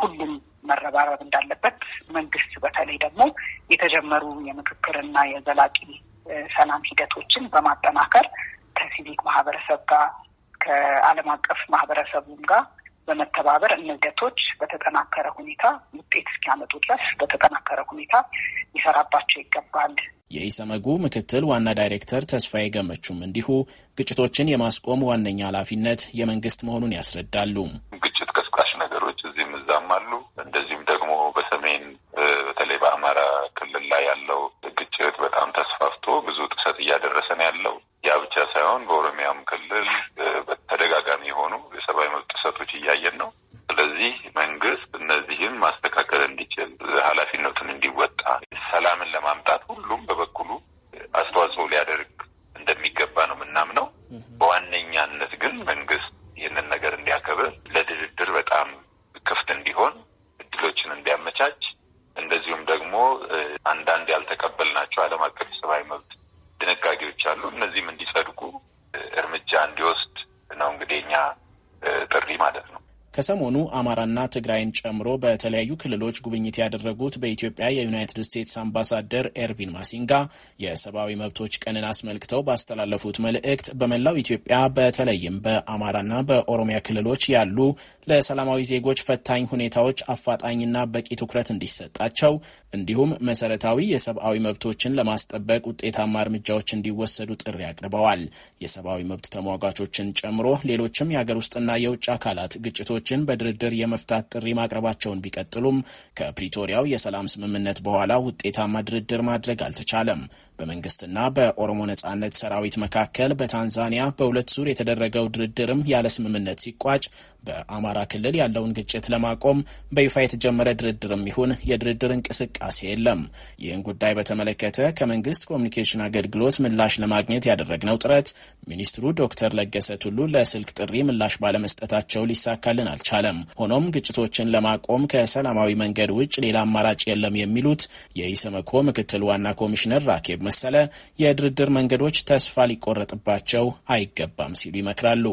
Speaker 11: ሁሉም መረባረብ እንዳለበት፣ መንግስት በተለይ ደግሞ የተጀመሩ የምክክርና የዘላቂ ሰላም ሂደቶችን በማጠናከር ከሲቪክ ማህበረሰብ ጋር ከዓለም አቀፍ ማህበረሰቡም ጋር በመተባበር እነገቶች በተጠናከረ ሁኔታ ውጤት እስኪያመጡ ድረስ በተጠናከረ ሁኔታ ሊሰራባቸው ይገባል
Speaker 10: የኢሰመጉ ምክትል ዋና ዳይሬክተር ተስፋዬ ገመቹም እንዲሁ ግጭቶችን የማስቆም ዋነኛ ኃላፊነት የመንግስት መሆኑን ያስረዳሉ። ግጭት ቀስቃሽ ነገሮች
Speaker 8: እዚህም እዛም አሉ። እንደዚሁም ደግሞ በሰሜን በተለይ በአማራ ክልል ላይ ያለው ግጭት በጣም ተስፋፍቶ ብዙ ጥሰት እያደረሰ ነው ያለው። ያ ብቻ ሳይሆን በኦሮሚያም ክልል በተደጋጋሚ የሆኑ የሰብአዊ መብት ጥሰቶች እያየን ነው። ስለዚህ መንግስት እነዚህን ማስተካከል እንዲችል ኃላፊነቱን እንዲወጣ ሰላምን ለማምጣት ሁሉ
Speaker 10: ከሰሞኑ አማራና ትግራይን ጨምሮ በተለያዩ ክልሎች ጉብኝት ያደረጉት በኢትዮጵያ የዩናይትድ ስቴትስ አምባሳደር ኤርቪን ማሲንጋ የሰብአዊ መብቶች ቀንን አስመልክተው ባስተላለፉት መልእክት በመላው ኢትዮጵያ በተለይም በአማራና በኦሮሚያ ክልሎች ያሉ ለሰላማዊ ዜጎች ፈታኝ ሁኔታዎች አፋጣኝና በቂ ትኩረት እንዲሰጣቸው እንዲሁም መሰረታዊ የሰብአዊ መብቶችን ለማስጠበቅ ውጤታማ እርምጃዎች እንዲወሰዱ ጥሪ አቅርበዋል። የሰብአዊ መብት ተሟጋቾችን ጨምሮ ሌሎችም የአገር ውስጥና የውጭ አካላት ግጭቶች ችግሮችን በድርድር የመፍታት ጥሪ ማቅረባቸውን ቢቀጥሉም ከፕሪቶሪያው የሰላም ስምምነት በኋላ ውጤታማ ድርድር ማድረግ አልተቻለም። በመንግስትና በኦሮሞ ነጻነት ሰራዊት መካከል በታንዛኒያ በሁለት ዙር የተደረገው ድርድርም ያለ ስምምነት ሲቋጭ በአማራ ክልል ያለውን ግጭት ለማቆም በይፋ የተጀመረ ድርድርም ይሁን የድርድር እንቅስቃሴ የለም። ይህን ጉዳይ በተመለከተ ከመንግስት ኮሚኒኬሽን አገልግሎት ምላሽ ለማግኘት ያደረግነው ጥረት ሚኒስትሩ ዶክተር ለገሰ ቱሉ ለስልክ ጥሪ ምላሽ ባለመስጠታቸው ሊሳካልን አልቻለም። ሆኖም ግጭቶችን ለማቆም ከሰላማዊ መንገድ ውጭ ሌላ አማራጭ የለም የሚሉት የኢሰመኮ ምክትል ዋና ኮሚሽነር ራኬብ መሰለ የድርድር መንገዶች ተስፋ ሊቆረጥባቸው አይገባም ሲሉ ይመክራሉ።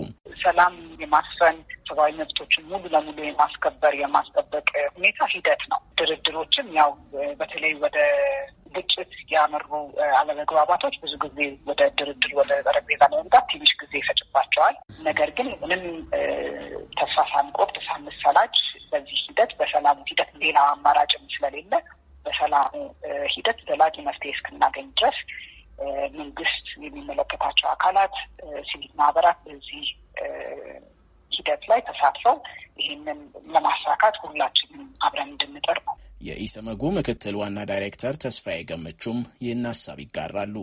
Speaker 11: ሰላም የማስፈን ሰብአዊ መብቶችን ሙሉ ለሙሉ የማስከበር የማስጠበቅ ሁኔታ ሂደት ነው። ድርድሮችም ያው በተለይ ወደ ግጭት ያመሩ አለመግባባቶች ብዙ ጊዜ ወደ ድርድር ወደ ጠረጴዛ ለመምጣት ትንሽ ጊዜ ይፈጭባቸዋል። ነገር ግን ምንም ተስፋ ሳንቆርጥ ሳንሰላች በዚህ ሂደት በሰላሙ ሂደት ሌላ አማራጭም ስለሌለ በሰላሙ ሂደት ዘላቂ መፍትሄ እስክና ድረስ መንግስት፣ የሚመለከታቸው አካላት፣ ሲቪል ማህበራት በዚህ ሂደት ላይ ተሳትፈው ይህንን ለማሳካት ሁላችንም አብረን እንድንጠር
Speaker 10: ነው። የኢሰመጉ ምክትል ዋና ዳይሬክተር ተስፋዬ ገመቹም ይህን ሀሳብ ይጋራሉ።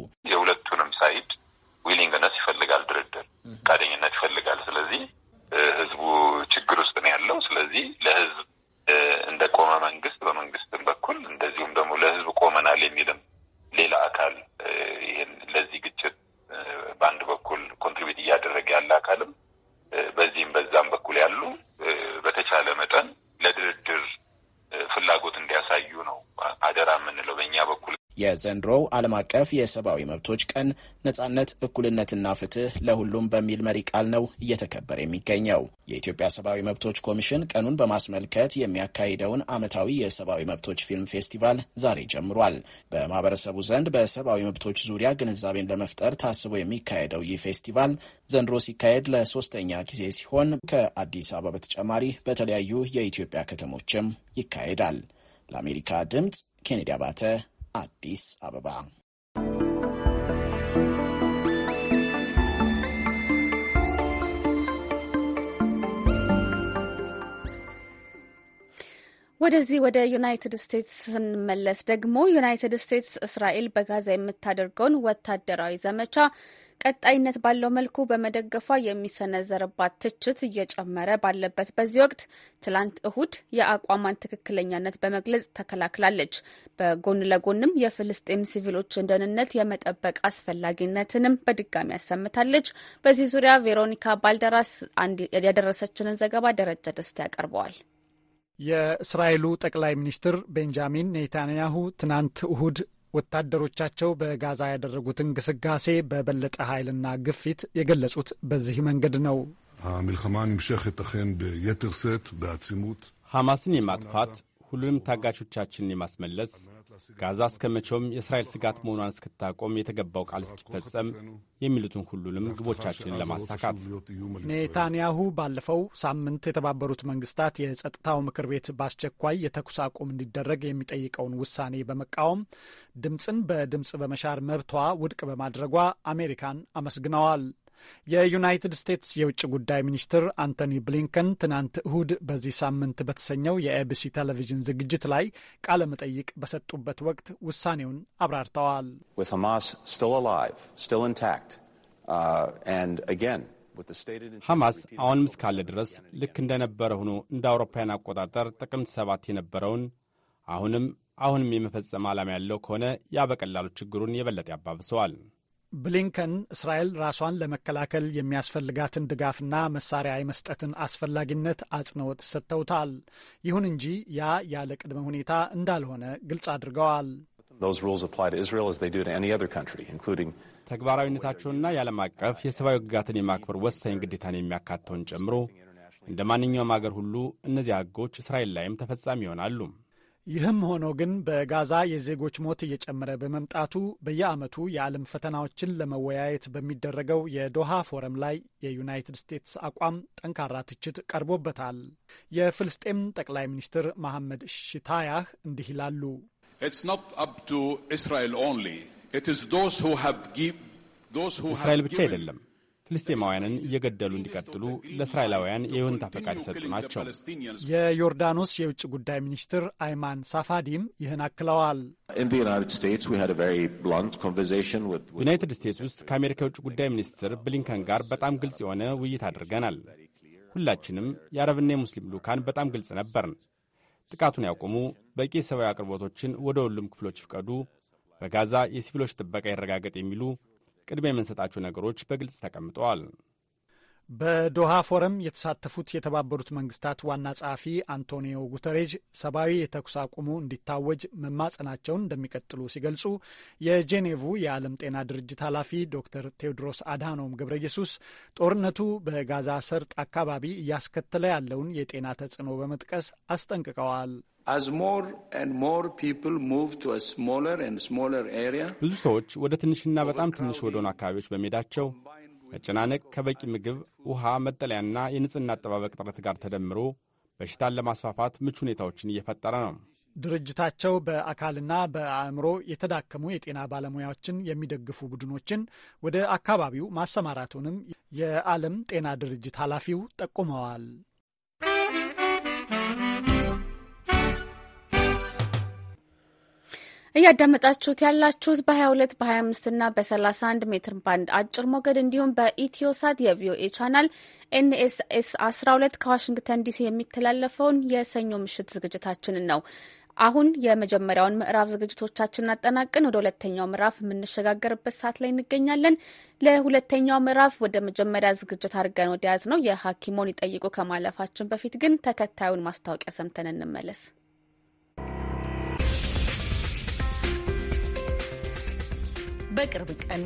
Speaker 10: በዘንድሮው ዓለም አቀፍ የሰብአዊ መብቶች ቀን ነጻነት፣ እኩልነትና ፍትህ ለሁሉም በሚል መሪ ቃል ነው እየተከበረ የሚገኘው። የኢትዮጵያ ሰብአዊ መብቶች ኮሚሽን ቀኑን በማስመልከት የሚያካሂደውን ዓመታዊ የሰብአዊ መብቶች ፊልም ፌስቲቫል ዛሬ ጀምሯል። በማህበረሰቡ ዘንድ በሰብአዊ መብቶች ዙሪያ ግንዛቤን ለመፍጠር ታስቦ የሚካሄደው ይህ ፌስቲቫል ዘንድሮ ሲካሄድ ለሶስተኛ ጊዜ ሲሆን ከአዲስ አበባ በተጨማሪ በተለያዩ የኢትዮጵያ ከተሞችም ይካሄዳል። ለአሜሪካ ድምፅ ኬኔዲ አባተ አዲስ አበባ።
Speaker 1: ወደዚህ ወደ ዩናይትድ ስቴትስ ስንመለስ ደግሞ ዩናይትድ ስቴትስ እስራኤል በጋዛ የምታደርገውን ወታደራዊ ዘመቻ ቀጣይነት ባለው መልኩ በመደገፏ የሚሰነዘርባት ትችት እየጨመረ ባለበት በዚህ ወቅት ትላንት እሁድ የአቋሟን ትክክለኛነት በመግለጽ ተከላክላለች። በጎን ለጎንም የፍልስጤም ሲቪሎችን ደህንነት የመጠበቅ አስፈላጊነትንም በድጋሚ ያሰምታለች። በዚህ ዙሪያ ቬሮኒካ ባልደራስ ያደረሰችንን ዘገባ ደረጃ ደስታ ያቀርበዋል።
Speaker 12: የእስራኤሉ ጠቅላይ ሚኒስትር ቤንጃሚን ኔታንያሁ ትናንት እሁድ ወታደሮቻቸው በጋዛ ያደረጉት እንቅስቃሴ በበለጠ ኃይልና ግፊት የገለጹት በዚህ መንገድ ነው።
Speaker 4: ሐማስን የማጥፋት
Speaker 2: ሁሉንም ታጋቾቻችንን የማስመለስ ጋዛ እስከ መቼውም የእስራኤል ስጋት መሆኗን እስክታቆም የተገባው ቃል እስኪፈጸም የሚሉትን ሁሉንም ግቦቻችንን ለማሳካት
Speaker 12: ኔታንያሁ ባለፈው ሳምንት የተባበሩት መንግስታት የጸጥታው ምክር ቤት በአስቸኳይ የተኩስ አቁም እንዲደረግ የሚጠይቀውን ውሳኔ በመቃወም ድምፅን በድምፅ በመሻር መብቷ ውድቅ በማድረጓ አሜሪካን አመስግነዋል። የዩናይትድ ስቴትስ የውጭ ጉዳይ ሚኒስትር አንቶኒ ብሊንከን ትናንት እሁድ በዚህ ሳምንት በተሰኘው የኤቢሲ ቴሌቪዥን ዝግጅት ላይ ቃለ መጠይቅ በሰጡበት ወቅት ውሳኔውን አብራርተዋል።
Speaker 6: uh, ሐማስ
Speaker 2: አሁንም እስካለ ድረስ ልክ እንደነበረ ሆኖ እንደ አውሮፓውያን አቆጣጠር ጥቅምት ሰባት የነበረውን አሁንም አሁንም የመፈጸም ዓላማ ያለው ከሆነ ያ በቀላሉ ችግሩን የበለጠ ያባብሰዋል።
Speaker 12: ብሊንከን እስራኤል ራሷን ለመከላከል የሚያስፈልጋትን ድጋፍና መሳሪያ የመስጠትን አስፈላጊነት አጽንኦት ሰጥተውታል። ይሁን እንጂ ያ ያለ ቅድመ ሁኔታ እንዳልሆነ ግልጽ አድርገዋል።
Speaker 2: ተግባራዊነታቸውና የዓለም አቀፍ የሰብአዊ ሕግጋትን የማክበር ወሳኝ ግዴታን የሚያካተውን ጨምሮ እንደ ማንኛውም አገር ሁሉ እነዚህ ሕጎች እስራኤል ላይም ተፈጻሚ ይሆናሉ።
Speaker 12: ይህም ሆኖ ግን በጋዛ የዜጎች ሞት እየጨመረ በመምጣቱ በየዓመቱ የዓለም ፈተናዎችን ለመወያየት በሚደረገው የዶሃ ፎረም ላይ የዩናይትድ ስቴትስ አቋም ጠንካራ ትችት ቀርቦበታል። የፍልስጤም ጠቅላይ ሚኒስትር መሐመድ
Speaker 2: ሽታያህ እንዲህ ይላሉ።
Speaker 4: እስራኤል ብቻ አይደለም
Speaker 2: ፍልስጤማውያንን እየገደሉ እንዲቀጥሉ ለእስራኤላውያን የይሁንታ ፈቃድ ይሰጡ ናቸው።
Speaker 12: የዮርዳኖስ የውጭ ጉዳይ ሚኒስትር
Speaker 2: አይማን ሳፋዲም ይህን አክለዋል። ዩናይትድ ስቴትስ ውስጥ ከአሜሪካ የውጭ ጉዳይ ሚኒስትር ብሊንከን ጋር በጣም ግልጽ የሆነ ውይይት አድርገናል። ሁላችንም የአረብና የሙስሊም ልኡካን በጣም ግልጽ ነበርን። ጥቃቱን ያቆሙ፣ በቂ የሰብአዊ አቅርቦቶችን ወደ ሁሉም ክፍሎች ይፍቀዱ፣ በጋዛ የሲቪሎች ጥበቃ ይረጋገጥ የሚሉ ቅድሚያ የምንሰጣቸው ነገሮች በግልጽ ተቀምጠዋል።
Speaker 12: በዶሃ ፎረም የተሳተፉት የተባበሩት መንግስታት ዋና ጸሐፊ አንቶኒዮ ጉተሬዥ ሰብአዊ የተኩስ አቁሙ እንዲታወጅ መማጸናቸውን እንደሚቀጥሉ ሲገልጹ የጄኔቭ የዓለም ጤና ድርጅት ኃላፊ ዶክተር ቴዎድሮስ አድሃኖም ገብረ ኢየሱስ ጦርነቱ በጋዛ ሰርጥ አካባቢ እያስከተለ ያለውን የጤና ተጽዕኖ በመጥቀስ አስጠንቅቀዋል።
Speaker 2: ብዙ ሰዎች ወደ ትንሽና በጣም ትንሽ ወደሆኑ አካባቢዎች በመሄዳቸው መጨናነቅ ከበቂ ምግብ፣ ውሃ፣ መጠለያና የንጽህና አጠባበቅ ጥረት ጋር ተደምሮ በሽታን ለማስፋፋት ምቹ ሁኔታዎችን እየፈጠረ ነው።
Speaker 12: ድርጅታቸው በአካልና በአእምሮ የተዳከሙ የጤና ባለሙያዎችን የሚደግፉ ቡድኖችን ወደ አካባቢው ማሰማራቱንም የዓለም ጤና ድርጅት ኃላፊው ጠቁመዋል።
Speaker 1: እያዳመጣችሁት ያላችሁት በ22 በ25 እና በ31 ሜትር ባንድ አጭር ሞገድ እንዲሁም በኢትዮሳት የቪኦኤ ቻናል ኤንኤስኤስ 12 ከዋሽንግተን ዲሲ የሚተላለፈውን የሰኞ ምሽት ዝግጅታችንን ነው። አሁን የመጀመሪያውን ምዕራፍ ዝግጅቶቻችንን አጠናቅን ወደ ሁለተኛው ምዕራፍ የምንሸጋገርበት ሰዓት ላይ እንገኛለን። ለሁለተኛው ምዕራፍ ወደ መጀመሪያ ዝግጅት አድርገን ወደያዝ ነው የሐኪሞን ይጠይቁ ከማለፋችን በፊት ግን ተከታዩን ማስታወቂያ ሰምተን እንመለስ።
Speaker 11: በቅርብ
Speaker 6: ቀን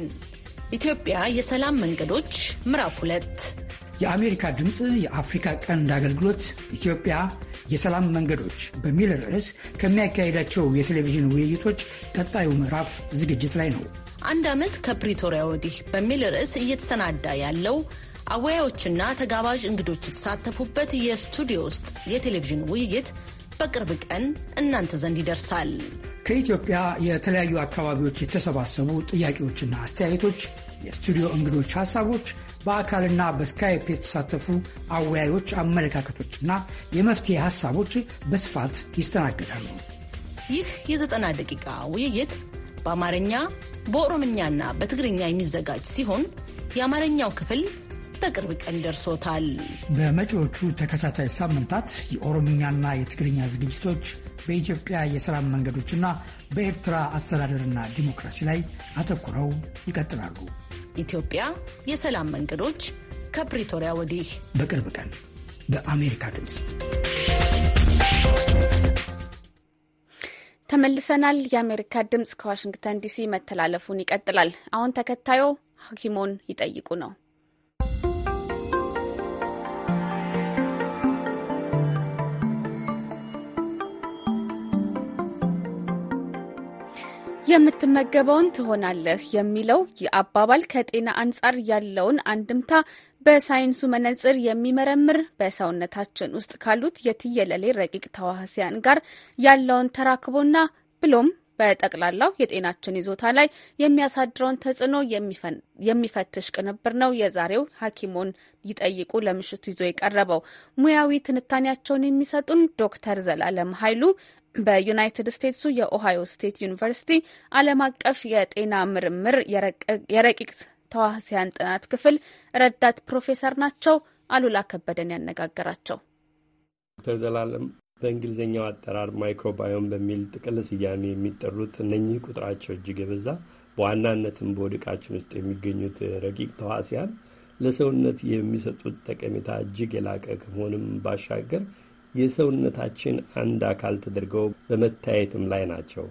Speaker 6: ኢትዮጵያ የሰላም መንገዶች ምዕራፍ ሁለት
Speaker 11: የአሜሪካ ድምፅ የአፍሪካ ቀንድ አገልግሎት ኢትዮጵያ የሰላም መንገዶች በሚል ርዕስ ከሚያካሄዳቸው የቴሌቪዥን ውይይቶች ቀጣዩ ምዕራፍ ዝግጅት ላይ ነው።
Speaker 6: አንድ ዓመት ከፕሪቶሪያ ወዲህ በሚል ርዕስ እየተሰናዳ ያለው አወያዮችና ተጋባዥ እንግዶች የተሳተፉበት የስቱዲዮ ውስጥ የቴሌቪዥን ውይይት በቅርብ ቀን እናንተ ዘንድ ይደርሳል።
Speaker 11: ከኢትዮጵያ የተለያዩ አካባቢዎች የተሰባሰቡ ጥያቄዎችና አስተያየቶች፣ የስቱዲዮ እንግዶች ሐሳቦች፣ በአካልና በስካይፕ የተሳተፉ አወያዮች አመለካከቶችና የመፍትሄ ሐሳቦች በስፋት ይስተናገዳሉ።
Speaker 6: ይህ የዘጠና ደቂቃ ውይይት በአማርኛ በኦሮምኛና በትግርኛ የሚዘጋጅ ሲሆን የአማርኛው ክፍል በቅርብ ቀን ደርሶታል።
Speaker 11: በመጪዎቹ ተከታታይ ሳምንታት የኦሮምኛና የትግርኛ ዝግጅቶች በኢትዮጵያ የሰላም መንገዶችና በኤርትራ አስተዳደርና ዲሞክራሲ ላይ አተኩረው
Speaker 6: ይቀጥላሉ። ኢትዮጵያ የሰላም መንገዶች ከፕሪቶሪያ ወዲህ
Speaker 11: በቅርብ ቀን በአሜሪካ ድምፅ
Speaker 1: ተመልሰናል። የአሜሪካ ድምፅ ከዋሽንግተን ዲሲ መተላለፉን ይቀጥላል። አሁን ተከታዩ ሐኪሞን ይጠይቁ ነው። የምትመገበውን ትሆናለህ የሚለው አባባል ከጤና አንጻር ያለውን አንድምታ በሳይንሱ መነጽር የሚመረምር በሰውነታችን ውስጥ ካሉት የትየለሌ ረቂቅ ተዋህሲያን ጋር ያለውን ተራክቦና ብሎም በጠቅላላው የጤናችን ይዞታ ላይ የሚያሳድረውን ተጽዕኖ የሚፈትሽ ቅንብር ነው የዛሬው ሀኪሙን ይጠይቁ ለምሽቱ ይዞ የቀረበው ሙያዊ ትንታኔያቸውን የሚሰጡን ዶክተር ዘላለም ኃይሉ በዩናይትድ ስቴትሱ የኦሃዮ ስቴት ዩኒቨርሲቲ ዓለም አቀፍ የጤና ምርምር የረቂቅ ተዋሲያን ጥናት ክፍል ረዳት ፕሮፌሰር ናቸው። አሉላ ከበደን ያነጋገራቸው
Speaker 9: ዶክተር ዘላለም በእንግሊዝኛው አጠራር ማይክሮባዮም በሚል ጥቅል ስያሜ የሚጠሩት እነኚህ ቁጥራቸው እጅግ የበዛ በዋናነትም በወድቃችን ውስጥ የሚገኙት ረቂቅ ተዋሲያን ለሰውነት የሚሰጡት ጠቀሜታ እጅግ የላቀ ከመሆንም ባሻገር የሰውነታችን አንድ አካል ተደርገው በመታየትም ላይ ናቸው።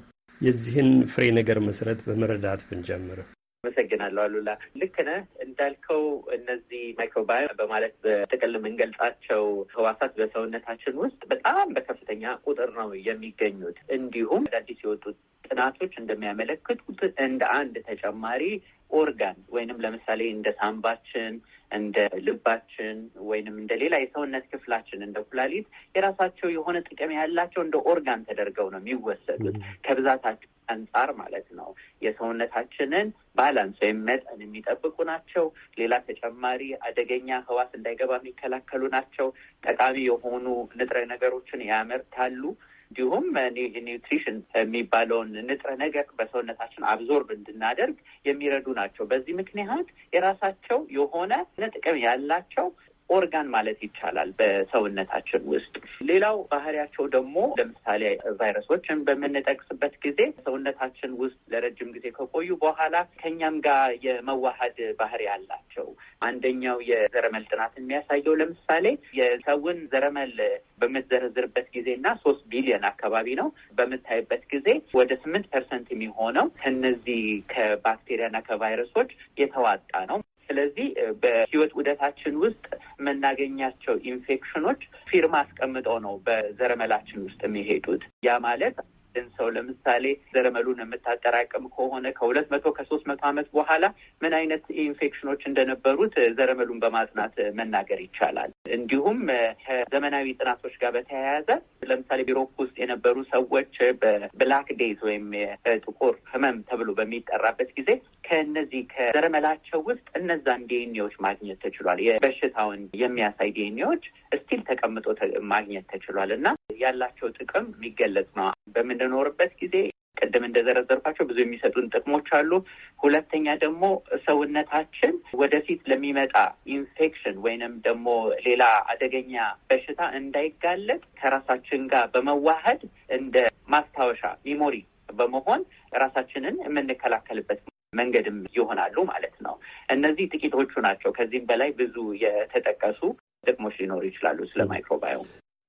Speaker 9: የዚህን ፍሬ ነገር መሰረት በመረዳት ብንጀምር
Speaker 13: አመሰግናለሁ አሉላ። ልክ ነህ እንዳልከው እነዚህ ማይክሮባዮ በማለት በጥቅል የምንገልጻቸው ህዋሳት በሰውነታችን ውስጥ በጣም በከፍተኛ ቁጥር ነው የሚገኙት። እንዲሁም አዳዲስ የወጡት ጥናቶች እንደሚያመለክቱት እንደ አንድ ተጨማሪ ኦርጋን ወይንም ለምሳሌ እንደ ሳምባችን እንደ ልባችን ወይንም እንደ ሌላ የሰውነት ክፍላችን እንደ ኩላሊት የራሳቸው የሆነ ጥቅም ያላቸው እንደ ኦርጋን ተደርገው ነው የሚወሰዱት ከብዛታቸው አንጻር ማለት ነው። የሰውነታችንን ባላንስ ወይም መጠን የሚጠብቁ ናቸው። ሌላ ተጨማሪ አደገኛ ህዋስ እንዳይገባ የሚከላከሉ ናቸው። ጠቃሚ የሆኑ ንጥረ ነገሮችን ያመርታሉ። እንዲሁም ኒውትሪሽን የሚባለውን ንጥረ ነገር በሰውነታችን አብዞርብ እንድናደርግ የሚረዱ ናቸው። በዚህ ምክንያት የራሳቸው የሆነ ጥቅም ያላቸው ኦርጋን ማለት ይቻላል በሰውነታችን ውስጥ። ሌላው ባህሪያቸው ደግሞ ለምሳሌ ቫይረሶችን በምንጠቅስበት ጊዜ ሰውነታችን ውስጥ ለረጅም ጊዜ ከቆዩ በኋላ ከኛም ጋር የመዋሃድ ባህሪ አላቸው። አንደኛው የዘረመል ጥናት የሚያሳየው ለምሳሌ የሰውን ዘረመል በምትዘረዝርበት ጊዜ እና ሶስት ቢሊዮን አካባቢ ነው በምታይበት ጊዜ ወደ ስምንት ፐርሰንት የሚሆነው ከነዚህ ከባክቴሪያና ከቫይረሶች የተዋጣ ነው። ስለዚህ በህይወት ውደታችን ውስጥ የምናገኛቸው ኢንፌክሽኖች ፊርማ አስቀምጠው ነው በዘረመላችን ውስጥ የሚሄዱት። ያ ማለት የሚያደን ሰው ለምሳሌ ዘረመሉን የምታጠራቅም ከሆነ ከሁለት መቶ ከሶስት መቶ ዓመት በኋላ ምን አይነት ኢንፌክሽኖች እንደነበሩት ዘረመሉን በማጥናት መናገር ይቻላል። እንዲሁም ከዘመናዊ ጥናቶች ጋር በተያያዘ ለምሳሌ ቢሮክ ውስጥ የነበሩ ሰዎች በብላክ ዴይዝ ወይም ጥቁር ህመም ተብሎ በሚጠራበት ጊዜ ከነዚህ ከዘረመላቸው ውስጥ እነዛን ዲኤንኤዎች ማግኘት ተችሏል። የበሽታውን የሚያሳይ ዲኤንኤዎች እስቲል ተቀምጦ ማግኘት ተችሏል እና ያላቸው ጥቅም የሚገለጽ ነው። በምንኖርበት ጊዜ ቅድም እንደዘረዘርኳቸው ብዙ የሚሰጡን ጥቅሞች አሉ። ሁለተኛ ደግሞ ሰውነታችን ወደፊት ለሚመጣ ኢንፌክሽን ወይንም ደግሞ ሌላ አደገኛ በሽታ እንዳይጋለጥ ከራሳችን ጋር በመዋሃድ እንደ ማስታወሻ ሚሞሪ በመሆን ራሳችንን የምንከላከልበት መንገድም ይሆናሉ ማለት ነው። እነዚህ ጥቂቶቹ ናቸው። ከዚህም በላይ ብዙ የተጠቀሱ ጥቅሞች ሊኖሩ ይችላሉ ስለ ማይክሮባዮም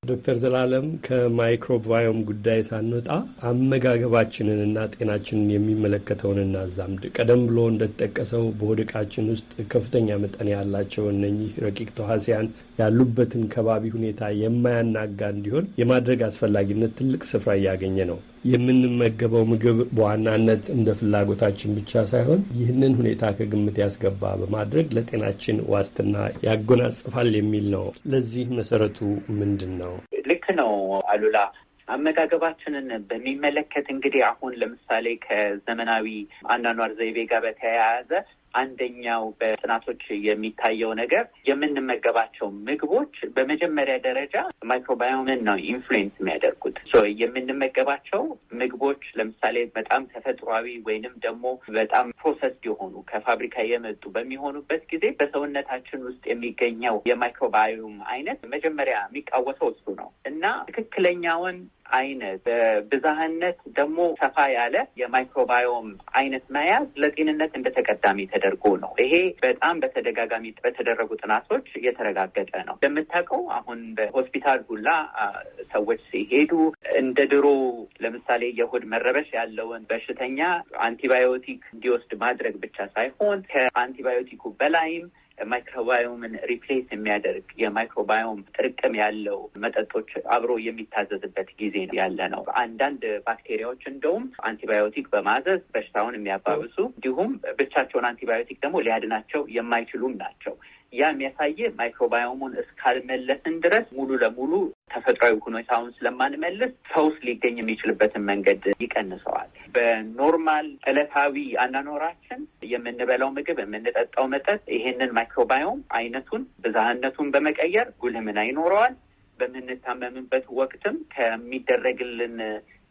Speaker 9: ዶክተር ዘላለም ከማይክሮባዮም ጉዳይ ሳንወጣ አመጋገባችንንና ጤናችንን የሚመለከተውን እናዛምድ። ቀደም ብሎ እንደተጠቀሰው በሆድቃችን ውስጥ ከፍተኛ መጠን ያላቸው እነኚህ ረቂቅ ተዋሲያን ያሉበትን ከባቢ ሁኔታ የማያናጋ እንዲሆን የማድረግ አስፈላጊነት ትልቅ ስፍራ እያገኘ ነው። የምንመገበው ምግብ በዋናነት እንደ ፍላጎታችን ብቻ ሳይሆን ይህንን ሁኔታ ከግምት ያስገባ በማድረግ ለጤናችን ዋስትና ያጎናጽፋል የሚል ነው። ለዚህ መሰረቱ ምንድን ነው?
Speaker 13: ልክ ነው አሉላ። አመጋገባችንን በሚመለከት እንግዲህ አሁን ለምሳሌ ከዘመናዊ አኗኗር ዘይቤ ጋር በተያያዘ አንደኛው በጥናቶች የሚታየው ነገር የምንመገባቸው ምግቦች በመጀመሪያ ደረጃ ማይክሮባዮምን ነው ኢንፍሉዌንስ የሚያደርጉት። የምንመገባቸው ምግቦች ለምሳሌ በጣም ተፈጥሯዊ ወይንም ደግሞ በጣም ፕሮሰስ የሆኑ ከፋብሪካ የመጡ በሚሆኑበት ጊዜ በሰውነታችን ውስጥ የሚገኘው የማይክሮባዮም አይነት መጀመሪያ የሚቃወሰው እሱ ነው እና ትክክለኛውን አይነት በብዝሃነት ደግሞ ሰፋ ያለ የማይክሮባዮም አይነት መያዝ ለጤንነት እንደ ተቀዳሚ ተደርጎ ነው። ይሄ በጣም በተደጋጋሚ በተደረጉ ጥናቶች የተረጋገጠ ነው። እንደምታውቀው አሁን በሆስፒታል ሁላ ሰዎች ሲሄዱ እንደ ድሮ ለምሳሌ የሆድ መረበሽ ያለውን በሽተኛ አንቲባዮቲክ እንዲወስድ ማድረግ ብቻ ሳይሆን ከአንቲባዮቲኩ በላይም ማይክሮባዮምን ሪፕሌስ የሚያደርግ የማይክሮባዮም ጥርቅም ያለው መጠጦች አብሮ የሚታዘዝበት ጊዜ ያለ ነው። አንዳንድ ባክቴሪያዎች እንደውም አንቲባዮቲክ በማዘዝ በሽታውን የሚያባብሱ እንዲሁም ብቻቸውን አንቲባዮቲክ ደግሞ ሊያድናቸው የማይችሉም ናቸው። ያ የሚያሳየ ማይክሮባዮሙን እስካልመለስን ድረስ ሙሉ ለሙሉ ተፈጥሯዊ ሁኔታውን ስለማንመልስ ፈውስ ሊገኝ የሚችልበትን መንገድ ይቀንሰዋል። በኖርማል እለታዊ አናኖራችን የምንበላው ምግብ፣ የምንጠጣው መጠጥ ይሄንን ማይክሮባዮም አይነቱን ብዝሃነቱን በመቀየር ጉልህ ሚና ይኖረዋል። በምንታመምበት ወቅትም ከሚደረግልን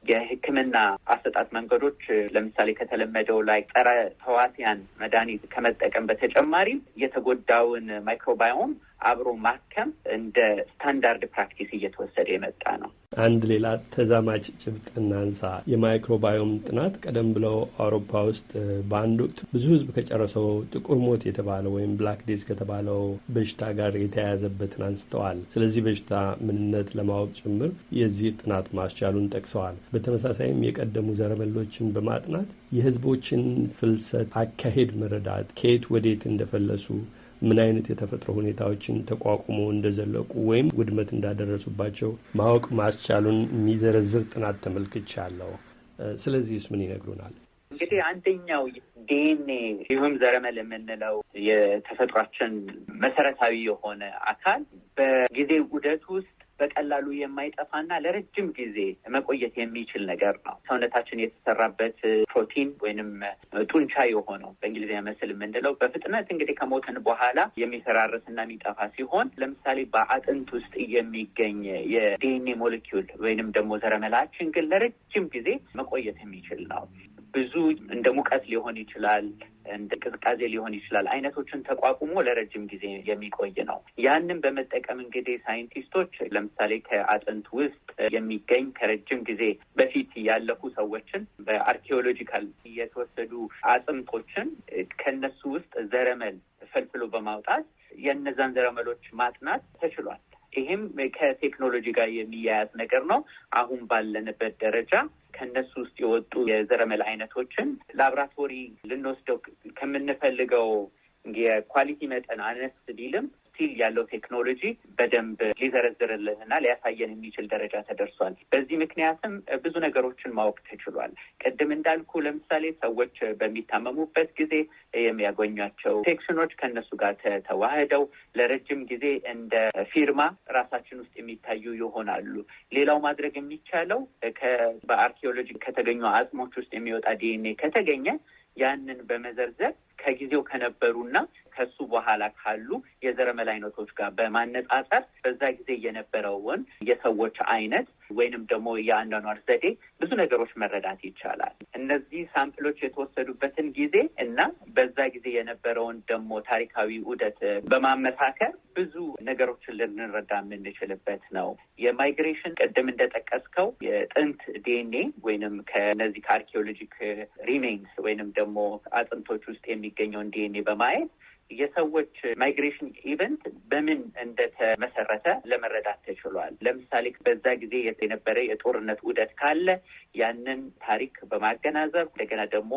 Speaker 13: የሕክምና አሰጣጥ መንገዶች ለምሳሌ ከተለመደው ላይ ጸረ ተዋሲያን መድኃኒት ከመጠቀም በተጨማሪ የተጎዳውን ማይክሮባዮም አብሮ ማከም እንደ ስታንዳርድ ፕራክቲስ እየተወሰደ የመጣ ነው።
Speaker 9: አንድ ሌላ ተዛማጭ ጭብጥ እናንሳ። የማይክሮባዮም ጥናት ቀደም ብለው አውሮፓ ውስጥ በአንድ ወቅት ብዙ ሕዝብ ከጨረሰው ጥቁር ሞት የተባለው ወይም ብላክ ዴዝ ከተባለው በሽታ ጋር የተያያዘበትን አንስተዋል። ስለዚህ በሽታ ምንነት ለማወቅ ጭምር የዚህ ጥናት ማስቻሉን ጠቅሰዋል። በተመሳሳይም የቀደሙ ዘረመሎችን በማጥናት የሕዝቦችን ፍልሰት አካሄድ መረዳት፣ ከየት ወዴት እንደፈለሱ ምን አይነት የተፈጥሮ ሁኔታዎችን ተቋቁሞ እንደዘለቁ ወይም ውድመት እንዳደረሱባቸው ማወቅ ማስቻሉን የሚዘረዝር ጥናት ተመልክቻለሁ። ስለዚህስ ምን ይነግሩናል?
Speaker 13: እንግዲህ አንደኛው ዲኤንኤ ይሁም ዘረመል የምንለው የተፈጥሯችን መሰረታዊ የሆነ አካል በጊዜ ውደት ውስጥ በቀላሉ የማይጠፋና ለረጅም ጊዜ መቆየት የሚችል ነገር ነው። ሰውነታችን የተሰራበት ፕሮቲን ወይንም ጡንቻ የሆነው በእንግሊዝኛ መስል የምንለው በፍጥነት እንግዲህ ከሞትን በኋላ የሚፈራረስና የሚጠፋ ሲሆን ለምሳሌ በአጥንት ውስጥ የሚገኝ የዲኤንኤ ሞለኪውል ወይንም ደግሞ ዘረመላችን ግን ለረጅም ጊዜ መቆየት የሚችል ነው። ብዙ እንደ ሙቀት ሊሆን ይችላል። እንደ ቅዝቃዜ ሊሆን ይችላል አይነቶችን ተቋቁሞ ለረጅም ጊዜ የሚቆይ ነው። ያንን በመጠቀም እንግዲህ ሳይንቲስቶች ለምሳሌ ከአጥንት ውስጥ የሚገኝ ከረጅም ጊዜ በፊት ያለፉ ሰዎችን በአርኪኦሎጂካል የተወሰዱ አጥንቶችን ከነሱ ውስጥ ዘረመል ፈልፍሎ በማውጣት የእነዛን ዘረመሎች ማጥናት ተችሏል። ይህም ከቴክኖሎጂ ጋር የሚያያዝ ነገር ነው። አሁን ባለንበት ደረጃ ከነሱ ውስጥ የወጡ የዘረመል አይነቶችን ላብራቶሪ ልንወስደው ከምንፈልገው የኳሊቲ መጠን አነስ ቢልም ስቲል ያለው ቴክኖሎጂ በደንብ ሊዘረዝርልን ሊያሳየን የሚችል ደረጃ ተደርሷል። በዚህ ምክንያትም ብዙ ነገሮችን ማወቅ ተችሏል። ቅድም እንዳልኩ ለምሳሌ ሰዎች በሚታመሙበት ጊዜ የሚያገኟቸው ሴክሽኖች ከእነሱ ጋር ተዋህደው ለረጅም ጊዜ እንደ ፊርማ ራሳችን ውስጥ የሚታዩ ይሆናሉ። ሌላው ማድረግ የሚቻለው በአርኪኦሎጂ ከተገኙ አጽሞች ውስጥ የሚወጣ ዲኤንኤ ከተገኘ ያንን በመዘርዘር ከጊዜው ከነበሩና ከሱ በኋላ ካሉ የዘረመል አይነቶች ጋር በማነጻጸር በዛ ጊዜ የነበረውን የሰዎች አይነት ወይንም ደግሞ የአኗኗር ዘዴ ብዙ ነገሮች መረዳት ይቻላል። እነዚህ ሳምፕሎች የተወሰዱበትን ጊዜ እና በዛ ጊዜ የነበረውን ደግሞ ታሪካዊ ዑደት በማመሳከር ብዙ ነገሮችን ልንረዳ የምንችልበት ነው። የማይግሬሽን ቅድም እንደጠቀስከው የጥንት ዲኤንኤ ወይንም ከነዚህ ከአርኪኦሎጂክ ሪሜንስ ወይንም ደግሞ አጥንቶች ውስጥ የሚገኘውን ዲኤንኤ በማየት የሰዎች ማይግሬሽን ኢቨንት በምን እንደተመሰረተ ለመረዳት ተችሏል። ለምሳሌ በዛ ጊዜ የነበረ የጦርነት ውደት ካለ ያንን ታሪክ በማገናዘብ እንደገና ደግሞ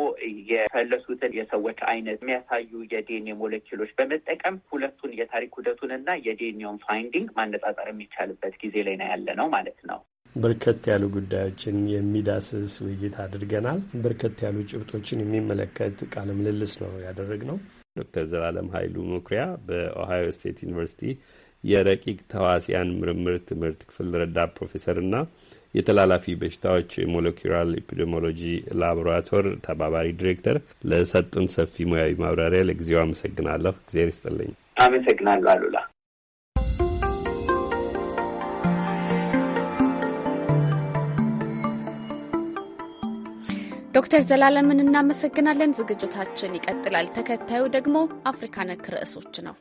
Speaker 13: የፈለሱትን የሰዎች አይነት የሚያሳዩ የዲኤንኤ ሞለኪሎች በመጠቀም ሁለቱን የታሪክ ውደቱን እና የዲኤንኤውን ፋይንዲንግ ማነጻጸር የሚቻልበት ጊዜ ላይ ነው ያለ ነው ማለት ነው።
Speaker 9: በርከት ያሉ ጉዳዮችን የሚዳስስ ውይይት አድርገናል። በርከት ያሉ ጭብጦችን የሚመለከት ቃለ ምልልስ ነው ያደረግነው። ዶክተር ዘላለም ኃይሉ መኩሪያ በኦሃዮ ስቴት ዩኒቨርሲቲ የረቂቅ ተዋሲያን ምርምር ትምህርት ክፍል ረዳት ፕሮፌሰር እና የተላላፊ በሽታዎች ሞለኪውላር ኤፒዲሞሎጂ ላቦራቶሪ ተባባሪ ዲሬክተር ለሰጡን ሰፊ ሙያዊ ማብራሪያ ለጊዜው አመሰግናለሁ። እግዚአብሔር ይስጥልኝ።
Speaker 13: አመሰግናለሁ እግዜር ይስጥልኝ አመሰግናለሁ አሉላ
Speaker 1: ዶክተር ዘላለምን እናመሰግናለን። ዝግጅታችን ይቀጥላል። ተከታዩ ደግሞ አፍሪካ ነክ ርዕሶች ነው።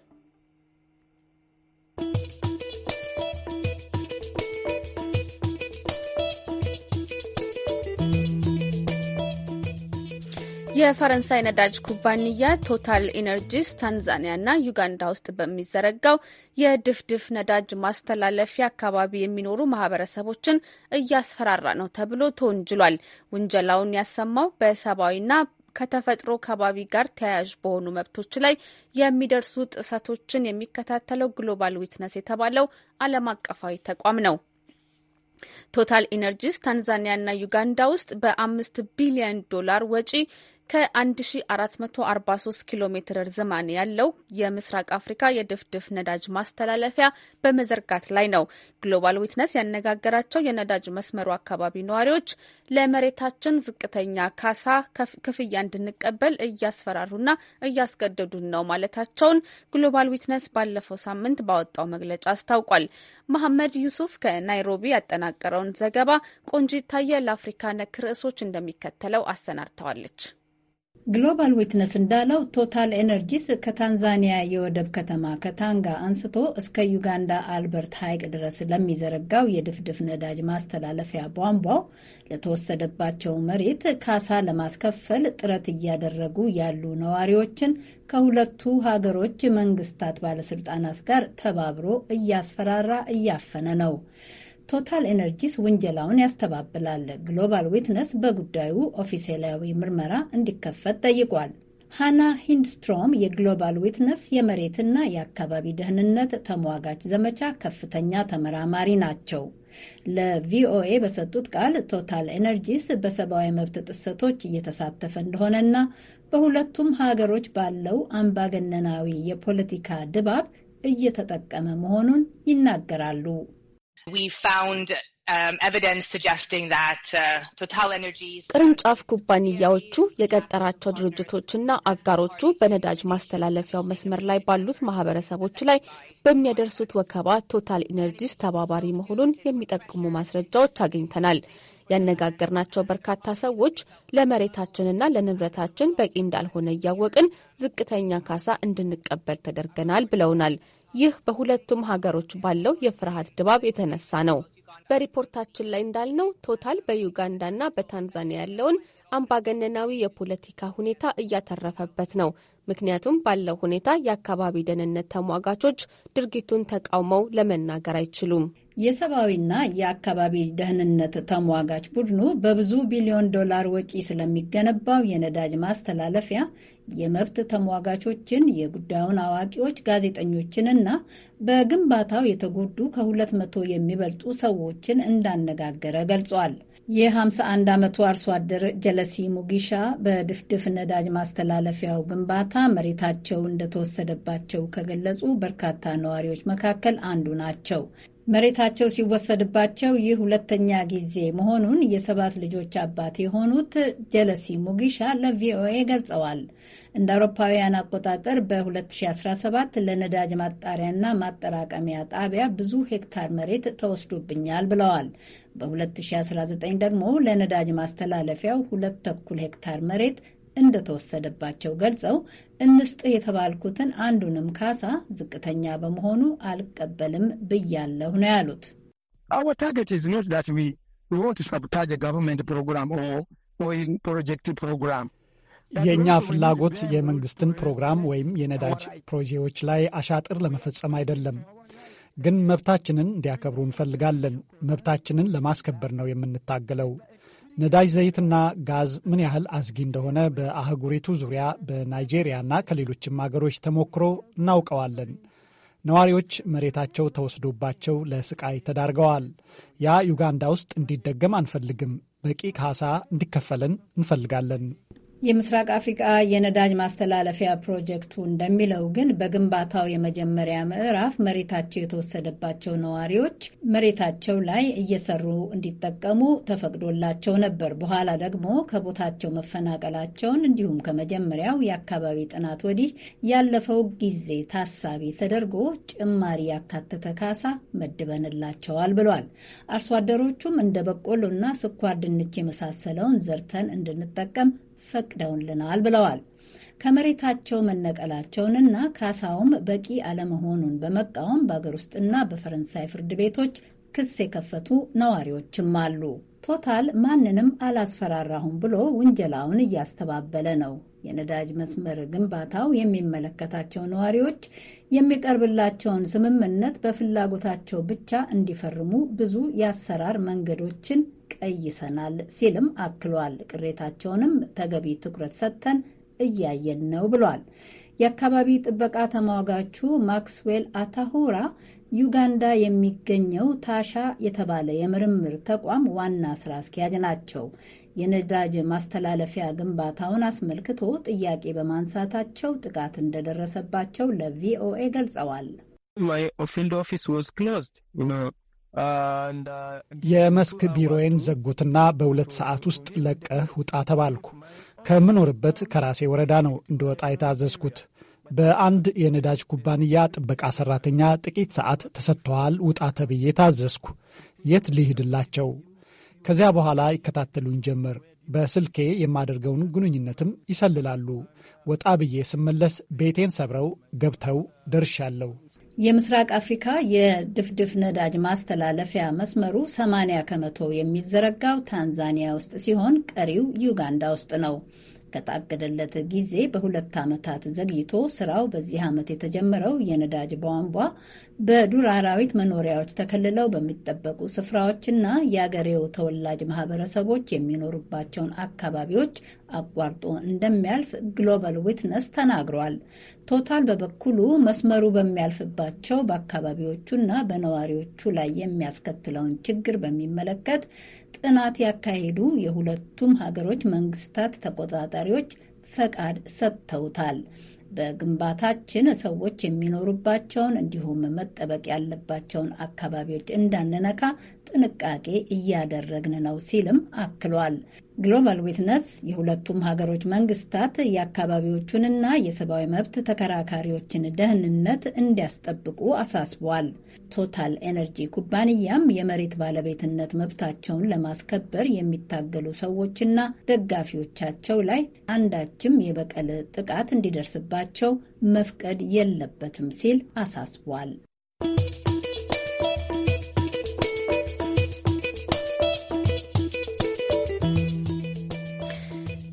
Speaker 1: የፈረንሳይ ነዳጅ ኩባንያ ቶታል ኢነርጂስ ታንዛኒያና ዩጋንዳ ውስጥ በሚዘረጋው የድፍድፍ ነዳጅ ማስተላለፊያ አካባቢ የሚኖሩ ማህበረሰቦችን እያስፈራራ ነው ተብሎ ተወንጅሏል። ውንጀላውን ያሰማው በሰብአዊና ከተፈጥሮ ከባቢ ጋር ተያያዥ በሆኑ መብቶች ላይ የሚደርሱ ጥሰቶችን የሚከታተለው ግሎባል ዊትነስ የተባለው ዓለም አቀፋዊ ተቋም ነው። ቶታል ኢነርጂስ ታንዛኒያና ዩጋንዳ ውስጥ በአምስት ቢሊዮን ዶላር ወጪ ከ1443 ኪሎ ሜትር ርዝማኔ ያለው የምስራቅ አፍሪካ የድፍድፍ ነዳጅ ማስተላለፊያ በመዘርጋት ላይ ነው። ግሎባል ዊትነስ ያነጋገራቸው የነዳጅ መስመሩ አካባቢ ነዋሪዎች ለመሬታችን ዝቅተኛ ካሳ ክፍያ እንድንቀበል እያስፈራሩና እያስገደዱን ነው ማለታቸውን ግሎባል ዊትነስ ባለፈው ሳምንት ባወጣው መግለጫ አስታውቋል። መሐመድ ዩሱፍ ከናይሮቢ ያጠናቀረውን ዘገባ ቆንጂ ታየ ለአፍሪካ ነክ ርዕሶች እንደሚከተለው አሰናድተዋለች።
Speaker 14: ግሎባል ዊትነስ እንዳለው ቶታል ኤነርጂስ ከታንዛኒያ የወደብ ከተማ ከታንጋ አንስቶ እስከ ዩጋንዳ አልበርት ሐይቅ ድረስ ለሚዘረጋው የድፍድፍ ነዳጅ ማስተላለፊያ ቧንቧው ለተወሰደባቸው መሬት ካሳ ለማስከፈል ጥረት እያደረጉ ያሉ ነዋሪዎችን ከሁለቱ ሀገሮች መንግስታት ባለስልጣናት ጋር ተባብሮ እያስፈራራ እያፈነ ነው። ቶታል ኤነርጂስ ውንጀላውን ያስተባብላል። ግሎባል ዊትነስ በጉዳዩ ኦፊሴላዊ ምርመራ እንዲከፈት ጠይቋል። ሃና ሂንድስትሮም የግሎባል ዊትነስ የመሬትና የአካባቢ ደህንነት ተሟጋች ዘመቻ ከፍተኛ ተመራማሪ ናቸው። ለቪኦኤ በሰጡት ቃል ቶታል ኤነርጂስ በሰብአዊ መብት ጥሰቶች እየተሳተፈ እንደሆነና በሁለቱም ሀገሮች ባለው አምባገነናዊ የፖለቲካ ድባብ እየተጠቀመ መሆኑን
Speaker 1: ይናገራሉ።
Speaker 11: We found um, uh,
Speaker 1: ቅርንጫፍ ኩባንያዎቹ የቀጠራቸው ድርጅቶችና አጋሮቹ በነዳጅ ማስተላለፊያው መስመር ላይ ባሉት ማህበረሰቦች ላይ በሚያደርሱት ወከባ ቶታል ኢነርጂስ ተባባሪ መሆኑን የሚጠቁሙ ማስረጃዎች አግኝተናል። ያነጋገርናቸው በርካታ ሰዎች ለመሬታችንና ለንብረታችን በቂ እንዳልሆነ እያወቅን ዝቅተኛ ካሳ እንድንቀበል ተደርገናል ብለውናል። ይህ በሁለቱም ሀገሮች ባለው የፍርሃት ድባብ የተነሳ ነው። በሪፖርታችን ላይ እንዳልነው ቶታል በዩጋንዳና በታንዛኒያ ያለውን አምባገነናዊ የፖለቲካ ሁኔታ እያተረፈበት ነው። ምክንያቱም ባለው ሁኔታ የአካባቢ ደህንነት ተሟጋቾች ድርጊቱን ተቃውመው
Speaker 14: ለመናገር አይችሉም። የሰብአዊና የአካባቢ ደህንነት ተሟጋች ቡድኑ በብዙ ቢሊዮን ዶላር ወጪ ስለሚገነባው የነዳጅ ማስተላለፊያ የመብት ተሟጋቾችን፣ የጉዳዩን አዋቂዎች፣ ጋዜጠኞችንና በግንባታው የተጎዱ ከሁለት መቶ የሚበልጡ ሰዎችን እንዳነጋገረ ገልጿል። የ51 ዓመቱ አርሶ አደር ጀለሲ ሙጊሻ በድፍድፍ ነዳጅ ማስተላለፊያው ግንባታ መሬታቸው እንደተወሰደባቸው ከገለጹ በርካታ ነዋሪዎች መካከል አንዱ ናቸው። መሬታቸው ሲወሰድባቸው ይህ ሁለተኛ ጊዜ መሆኑን የሰባት ልጆች አባት የሆኑት ጀለሲ ሙጊሻ ለቪኦኤ ገልጸዋል። እንደ አውሮፓውያን አቆጣጠር በ2017 ለነዳጅ ማጣሪያና ማጠራቀሚያ ጣቢያ ብዙ ሄክታር መሬት ተወስዶብኛል ብለዋል። በ2019 ደግሞ ለነዳጅ ማስተላለፊያው ሁለት ተኩል ሄክታር መሬት እንደተወሰደባቸው ገልጸው እንስጥ የተባልኩትን አንዱንም ካሳ ዝቅተኛ በመሆኑ አልቀበልም ብያለሁ ነው ያሉት። የእኛ
Speaker 12: ፍላጎት የመንግስትን ፕሮግራም ወይም የነዳጅ ፕሮጄዎች ላይ አሻጥር ለመፈጸም አይደለም። ግን መብታችንን እንዲያከብሩ እንፈልጋለን። መብታችንን ለማስከበር ነው የምንታገለው። ነዳጅ ዘይትና ጋዝ ምን ያህል አስጊ እንደሆነ በአህጉሪቱ ዙሪያ በናይጄሪያና ከሌሎችም አገሮች ተሞክሮ እናውቀዋለን። ነዋሪዎች መሬታቸው ተወስዶባቸው ለስቃይ ተዳርገዋል። ያ ዩጋንዳ ውስጥ እንዲደገም አንፈልግም። በቂ ካሳ እንዲከፈለን እንፈልጋለን።
Speaker 14: የምስራቅ አፍሪቃ የነዳጅ ማስተላለፊያ ፕሮጀክቱ እንደሚለው ግን በግንባታው የመጀመሪያ ምዕራፍ መሬታቸው የተወሰደባቸው ነዋሪዎች መሬታቸው ላይ እየሰሩ እንዲጠቀሙ ተፈቅዶላቸው ነበር። በኋላ ደግሞ ከቦታቸው መፈናቀላቸውን እንዲሁም ከመጀመሪያው የአካባቢ ጥናት ወዲህ ያለፈው ጊዜ ታሳቢ ተደርጎ ጭማሪ ያካተተ ካሳ መድበንላቸዋል ብሏል። አርሶ አደሮቹም እንደ በቆሎና ስኳር ድንች የመሳሰለውን ዘርተን እንድንጠቀም ፈቅደውልናል ብለዋል። ከመሬታቸው መነቀላቸውንና ካሳውም በቂ አለመሆኑን በመቃወም በአገር ውስጥና በፈረንሳይ ፍርድ ቤቶች ክስ የከፈቱ ነዋሪዎችም አሉ። ቶታል ማንንም አላስፈራራሁም ብሎ ውንጀላውን እያስተባበለ ነው። የነዳጅ መስመር ግንባታው የሚመለከታቸው ነዋሪዎች የሚቀርብላቸውን ስምምነት በፍላጎታቸው ብቻ እንዲፈርሙ ብዙ የአሰራር መንገዶችን ቀይሰናል ሲልም አክሏል። ቅሬታቸውንም ተገቢ ትኩረት ሰጥተን እያየን ነው ብሏል። የአካባቢ ጥበቃ ተሟጋቹ ማክስዌል አታሁራ ዩጋንዳ የሚገኘው ታሻ የተባለ የምርምር ተቋም ዋና ስራ አስኪያጅ ናቸው። የነዳጅ ማስተላለፊያ ግንባታውን አስመልክቶ ጥያቄ በማንሳታቸው ጥቃት እንደደረሰባቸው ለቪኦኤ ገልጸዋል።
Speaker 12: የመስክ ቢሮዬን ዘጉትና በሁለት ሰዓት ውስጥ ለቀህ ውጣ ተባልኩ። ከምኖርበት ከራሴ ወረዳ ነው እንደወጣ የታዘዝኩት። በአንድ የነዳጅ ኩባንያ ጥበቃ ሰራተኛ ጥቂት ሰዓት ተሰጥተዋል ውጣ ተብዬ ታዘዝኩ። የት ልሂድላቸው? ከዚያ በኋላ ይከታተሉኝ ጀመር። በስልኬ የማደርገውን ግንኙነትም ይሰልላሉ። ወጣ ብዬ ስመለስ ቤቴን ሰብረው ገብተው ደርሻለሁ።
Speaker 14: የምስራቅ አፍሪካ የድፍድፍ ነዳጅ ማስተላለፊያ መስመሩ 80 ከመቶ የሚዘረጋው ታንዛኒያ ውስጥ ሲሆን ቀሪው ዩጋንዳ ውስጥ ነው። የተቀጣገደለት ጊዜ በሁለት ዓመታት ዘግይቶ ስራው በዚህ ዓመት የተጀመረው የነዳጅ ቧንቧ በዱር አራዊት መኖሪያዎች ተከልለው በሚጠበቁ ስፍራዎችና የአገሬው ተወላጅ ማህበረሰቦች የሚኖሩባቸውን አካባቢዎች አቋርጦ እንደሚያልፍ ግሎባል ዊትነስ ተናግሯል። ቶታል በበኩሉ መስመሩ በሚያልፍባቸው በአካባቢዎቹና በነዋሪዎቹ ላይ የሚያስከትለውን ችግር በሚመለከት ጥናት ያካሄዱ የሁለቱም ሀገሮች መንግስታት ተቆጣጣሪዎች ፈቃድ ሰጥተውታል። በግንባታችን ሰዎች የሚኖሩባቸውን እንዲሁም መጠበቅ ያለባቸውን አካባቢዎች እንዳንነካ ጥንቃቄ እያደረግን ነው ሲልም አክሏል። ግሎባል ዊትነስ የሁለቱም ሀገሮች መንግስታት የአካባቢዎቹንና የሰብአዊ መብት ተከራካሪዎችን ደህንነት እንዲያስጠብቁ አሳስቧል። ቶታል ኤነርጂ ኩባንያም የመሬት ባለቤትነት መብታቸውን ለማስከበር የሚታገሉ ሰዎችና ደጋፊዎቻቸው ላይ አንዳችም የበቀል ጥቃት እንዲደርስባቸው መፍቀድ የለበትም ሲል አሳስቧል።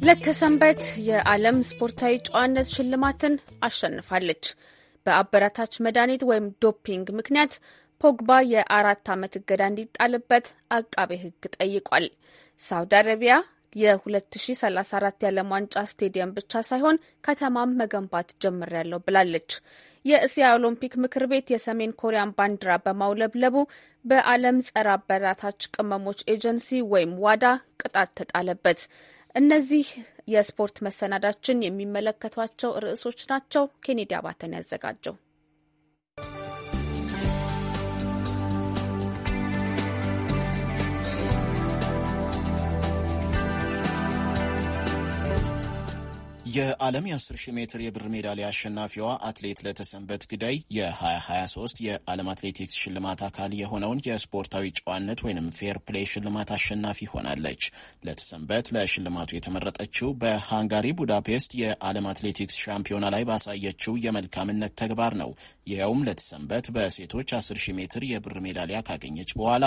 Speaker 1: ለተሰንበት የዓለም ስፖርታዊ ጨዋነት ሽልማትን አሸንፋለች። በአበረታች መድኃኒት ወይም ዶፒንግ ምክንያት ፖግባ የአራት ዓመት እገዳ እንዲጣልበት አቃቤ ሕግ ጠይቋል። ሳውዲ አረቢያ የ2034 የዓለም ዋንጫ ስቴዲየም ብቻ ሳይሆን ከተማም መገንባት ጀምሬያለሁ ብላለች። የእስያ ኦሎምፒክ ምክር ቤት የሰሜን ኮሪያን ባንዲራ በማውለብለቡ በዓለም ጸረ አበረታች ቅመሞች ኤጀንሲ ወይም ዋዳ ቅጣት ተጣለበት። እነዚህ የስፖርት መሰናዳችን የሚመለከቷቸው ርዕሶች ናቸው። ኬኔዲ አባተን ያዘጋጀው
Speaker 10: የዓለም የ10 ሺህ ሜትር የብር ሜዳሊያ አሸናፊዋ አትሌት ለተሰንበት ግዳይ የ2023 የዓለም አትሌቲክስ ሽልማት አካል የሆነውን የስፖርታዊ ጨዋነት ወይንም ፌር ፕሌይ ሽልማት አሸናፊ ሆናለች። ለተሰንበት ለሽልማቱ የተመረጠችው በሃንጋሪ ቡዳፔስት የዓለም አትሌቲክስ ሻምፒዮና ላይ ባሳየችው የመልካምነት ተግባር ነው። ይኸውም ለተሰንበት በሴቶች 10 ሺህ ሜትር የብር ሜዳሊያ ካገኘች በኋላ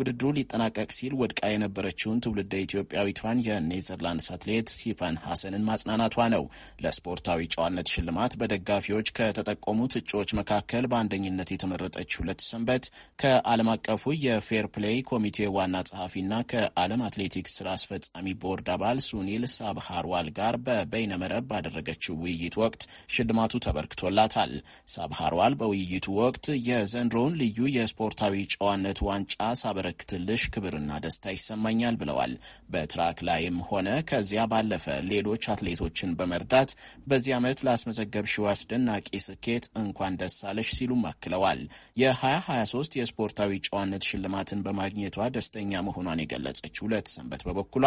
Speaker 10: ውድድሩ ሊጠናቀቅ ሲል ወድቃ የነበረችውን ትውልደ ኢትዮጵያዊቷን የኔዘርላንድስ አትሌት ሲፋን ሐሰንን ማጽናናቷን ነው። ለስፖርታዊ ጨዋነት ሽልማት በደጋፊዎች ከተጠቆሙት እጩዎች መካከል በአንደኝነት የተመረጠች ሁለት ሰንበት ከዓለም አቀፉ የፌር ፕሌይ ኮሚቴ ዋና ጸሐፊና ከዓለም አትሌቲክስ ስራ አስፈጻሚ ቦርድ አባል ሱኒል ሳብሃርዋል ጋር በበይነመረብ ባደረገችው ውይይት ወቅት ሽልማቱ ተበርክቶላታል። ሳብሃርዋል በውይይቱ ወቅት የዘንድሮውን ልዩ የስፖርታዊ ጨዋነት ዋንጫ ሳበረክትልሽ ክብርና ደስታ ይሰማኛል ብለዋል። በትራክ ላይም ሆነ ከዚያ ባለፈ ሌሎች አትሌቶችን በመርዳት በዚህ ዓመት ላስመዘገብሽው አስደናቂ ስኬት እንኳን ደስ አለሽ ሲሉም አክለዋል። የ2023 የስፖርታዊ ጨዋነት ሽልማትን በማግኘቷ ደስተኛ መሆኗን የገለጸችው ሰንበት በበኩሏ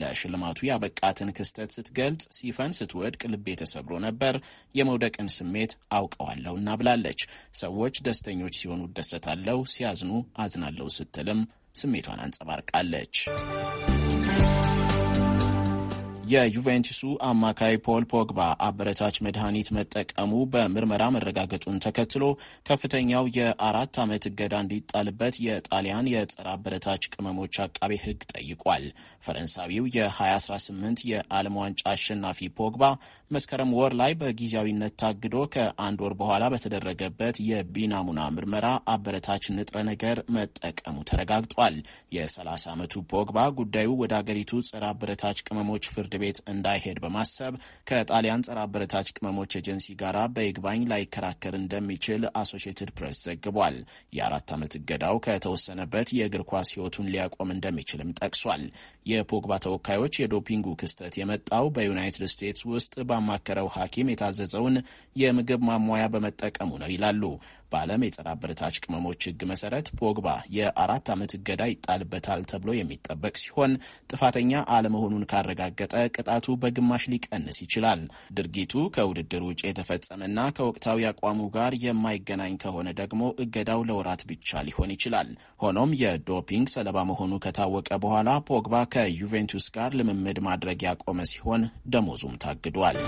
Speaker 10: ለሽልማቱ ያበቃትን ክስተት ስትገልጽ ሲፈን ስትወድቅ ልቤ ተሰብሮ ነበር፣ የመውደቅን ስሜት አውቀዋለሁና ብላለች። ሰዎች ደስተኞች ሲሆኑ እደሰታለሁ፣ ሲያዝኑ አዝናለሁ ስትልም ስሜቷን አንጸባርቃለች። የዩቬንቱሱ አማካይ ፖል ፖግባ አበረታች መድኃኒት መጠቀሙ በምርመራ መረጋገጡን ተከትሎ ከፍተኛው የአራት ዓመት እገዳ እንዲጣልበት የጣሊያን የጸረ አበረታች ቅመሞች አቃቤ ሕግ ጠይቋል። ፈረንሳዊው የ2018 የዓለም ዋንጫ አሸናፊ ፖግባ መስከረም ወር ላይ በጊዜያዊነት ታግዶ ከአንድ ወር በኋላ በተደረገበት የቢናሙና ምርመራ አበረታች ንጥረ ነገር መጠቀሙ ተረጋግጧል። የ30 ዓመቱ ፖግባ ጉዳዩ ወደ አገሪቱ ጸረ አበረታች ቅመሞች ፍርድ ቤት እንዳይሄድ በማሰብ ከጣሊያን ጸረ አበረታች ቅመሞች ኤጀንሲ ጋር በይግባኝ ላይከራከር እንደሚችል አሶሽትድ ፕሬስ ዘግቧል። የአራት ዓመት እገዳው ከተወሰነበት የእግር ኳስ ሕይወቱን ሊያቆም እንደሚችልም ጠቅሷል። የፖግባ ተወካዮች የዶፒንጉ ክስተት የመጣው በዩናይትድ ስቴትስ ውስጥ ባማከረው ሐኪም የታዘዘውን የምግብ ማሟያ በመጠቀሙ ነው ይላሉ። በዓለም የጸረ አበረታች ቅመሞች ህግ መሰረት ፖግባ የአራት ዓመት እገዳ ይጣልበታል ተብሎ የሚጠበቅ ሲሆን ጥፋተኛ አለመሆኑን ካረጋገጠ ቅጣቱ በግማሽ ሊቀንስ ይችላል። ድርጊቱ ከውድድር ውጭ የተፈጸመና ከወቅታዊ አቋሙ ጋር የማይገናኝ ከሆነ ደግሞ እገዳው ለወራት ብቻ ሊሆን ይችላል። ሆኖም የዶፒንግ ሰለባ መሆኑ ከታወቀ በኋላ ፖግባ ከዩቬንቱስ ጋር ልምምድ ማድረግ ያቆመ ሲሆን ደሞዙም ታግዷል።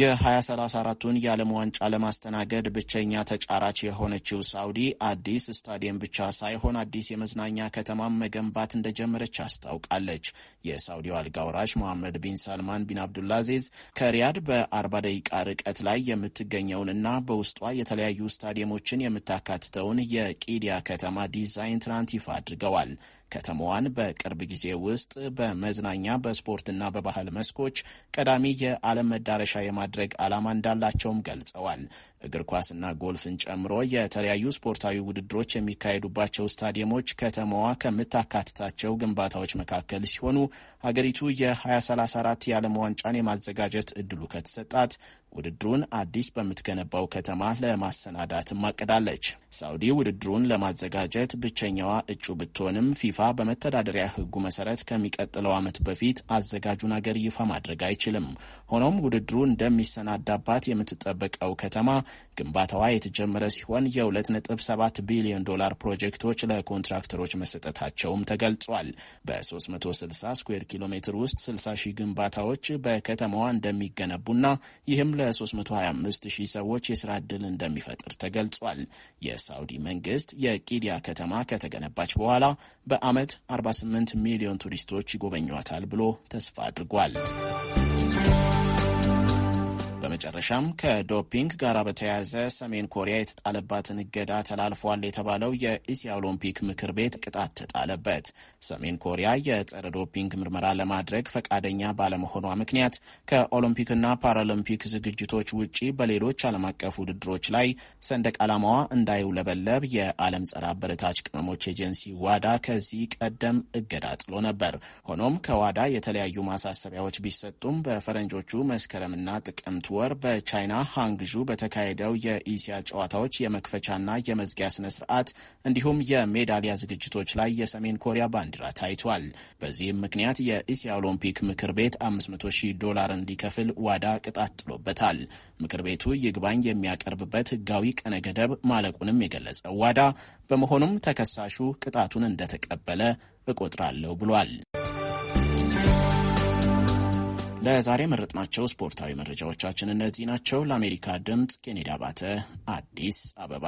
Speaker 10: የ2034ቱን የዓለም ዋንጫ ለማስተናገድ ብቸኛ ተጫራች የሆነችው ሳውዲ አዲስ ስታዲየም ብቻ ሳይሆን አዲስ የመዝናኛ ከተማም መገንባት እንደጀመረች አስታውቃለች። የሳውዲው አልጋ ወራሽ ሞሐመድ ቢን ሳልማን ቢን አብዱላዚዝ ከሪያድ በ40 ደቂቃ ርቀት ላይ የምትገኘውን እና በውስጧ የተለያዩ ስታዲየሞችን የምታካትተውን የቂዲያ ከተማ ዲዛይን ትናንት ይፋ አድርገዋል። ከተማዋን በቅርብ ጊዜ ውስጥ በመዝናኛ በስፖርትና በባህል መስኮች ቀዳሚ የዓለም መዳረሻ የማድረግ ዓላማ እንዳላቸውም ገልጸዋል። እግር ኳስና ጎልፍን ጨምሮ የተለያዩ ስፖርታዊ ውድድሮች የሚካሄዱባቸው ስታዲየሞች ከተማዋ ከምታካትታቸው ግንባታዎች መካከል ሲሆኑ ሀገሪቱ የ2034 የዓለም ዋንጫን የማዘጋጀት እድሉ ከተሰጣት ውድድሩን አዲስ በምትገነባው ከተማ ለማሰናዳትም አቅዳለች። ሳውዲ ውድድሩን ለማዘጋጀት ብቸኛዋ እጩ ብትሆንም ፊፋ በመተዳደሪያ ሕጉ መሰረት ከሚቀጥለው ዓመት በፊት አዘጋጁን አገር ይፋ ማድረግ አይችልም። ሆኖም ውድድሩ እንደሚሰናዳባት የምትጠበቀው ከተማ ግንባታዋ የተጀመረ ሲሆን የ2.7 ቢሊዮን ዶላር ፕሮጀክቶች ለኮንትራክተሮች መሰጠታቸውም ተገልጿል። በ360 ስኩዌር ኪሎ ሜትር ውስጥ 60 ሺህ ግንባታዎች በከተማዋ እንደሚገነቡና ይህም ለ325 ሰዎች የስራ ዕድል እንደሚፈጥር ተገልጿል። የሳውዲ መንግስት የቂዲያ ከተማ ከተገነባች በኋላ በዓመት 48 ሚሊዮን ቱሪስቶች ይጎበኟታል ብሎ ተስፋ አድርጓል። በመጨረሻም ከዶፒንግ ጋር በተያያዘ ሰሜን ኮሪያ የተጣለባትን እገዳ ተላልፏል የተባለው የእስያ ኦሎምፒክ ምክር ቤት ቅጣት ተጣለበት። ሰሜን ኮሪያ የጸረ ዶፒንግ ምርመራ ለማድረግ ፈቃደኛ ባለመሆኗ ምክንያት ከኦሎምፒክና ፓራሎምፒክ ዝግጅቶች ውጪ በሌሎች ዓለም አቀፍ ውድድሮች ላይ ሰንደቅ ዓላማዋ እንዳይውለበለብ የዓለም ጸረ አበረታች ቅመሞች ኤጀንሲ ዋዳ ከዚህ ቀደም እገዳ ጥሎ ነበር። ሆኖም ከዋዳ የተለያዩ ማሳሰቢያዎች ቢሰጡም በፈረንጆቹ መስከረምና ጥቅምት ወር በቻይና ሃንግዡ በተካሄደው የኢሲያ ጨዋታዎች የመክፈቻና የመዝጊያ ስነ ስርዓት እንዲሁም የሜዳሊያ ዝግጅቶች ላይ የሰሜን ኮሪያ ባንዲራ ታይቷል። በዚህም ምክንያት የኢሲያ ኦሎምፒክ ምክር ቤት 500 ሺህ ዶላር እንዲከፍል ዋዳ ቅጣት ጥሎበታል። ምክር ቤቱ ይግባኝ የሚያቀርብበት ህጋዊ ቀነ ገደብ ማለቁንም የገለጸው ዋዳ፣ በመሆኑም ተከሳሹ ቅጣቱን እንደተቀበለ እቆጥራለሁ ብሏል። ለዛሬ መረጥናቸው ስፖርታዊ መረጃዎቻችን እነዚህ ናቸው። ለአሜሪካ ድምፅ ኬኔዲ አባተ፣ አዲስ አበባ።